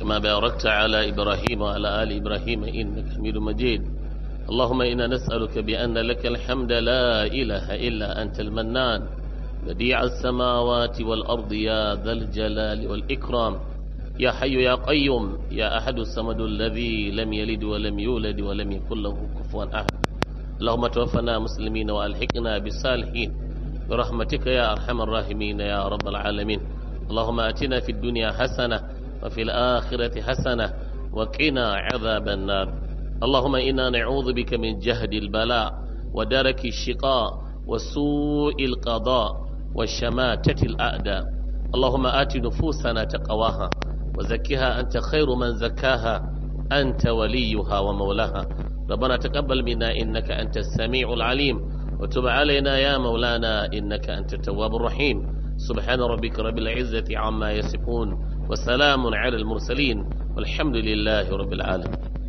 S3: كما باركت على إبراهيم وعلى آل إبراهيم إنك حميد مجيد اللهم إنا نسألك بأن لك الحمد لا إله إلا أنت المنان بديع السماوات والأرض يا ذا الجلال والإكرام يا حي يا قيوم يا أحد الصمد الذي لم يلد ولم يولد ولم يكن له كفوا أحد اللهم توفنا مسلمين وألحقنا بالصالحين برحمتك يا أرحم الراحمين يا رب العالمين اللهم أتنا في الدنيا حسنة وفي الآخرة حسنة وقنا عذاب النار اللهم إنا نعوذ بك من جهد البلاء ودرك الشقاء وسوء القضاء وشماتة الأعداء اللهم آت نفوسنا تقواها وزكها أنت خير من زكاها أنت وليها ومولاها ربنا تقبل منا إنك أنت السميع العليم وتب علينا يا مولانا إنك أنت التواب الرحيم سبحان ربك رب العزة عما يصفون وسلام على المرسلين والحمد لله رب العالمين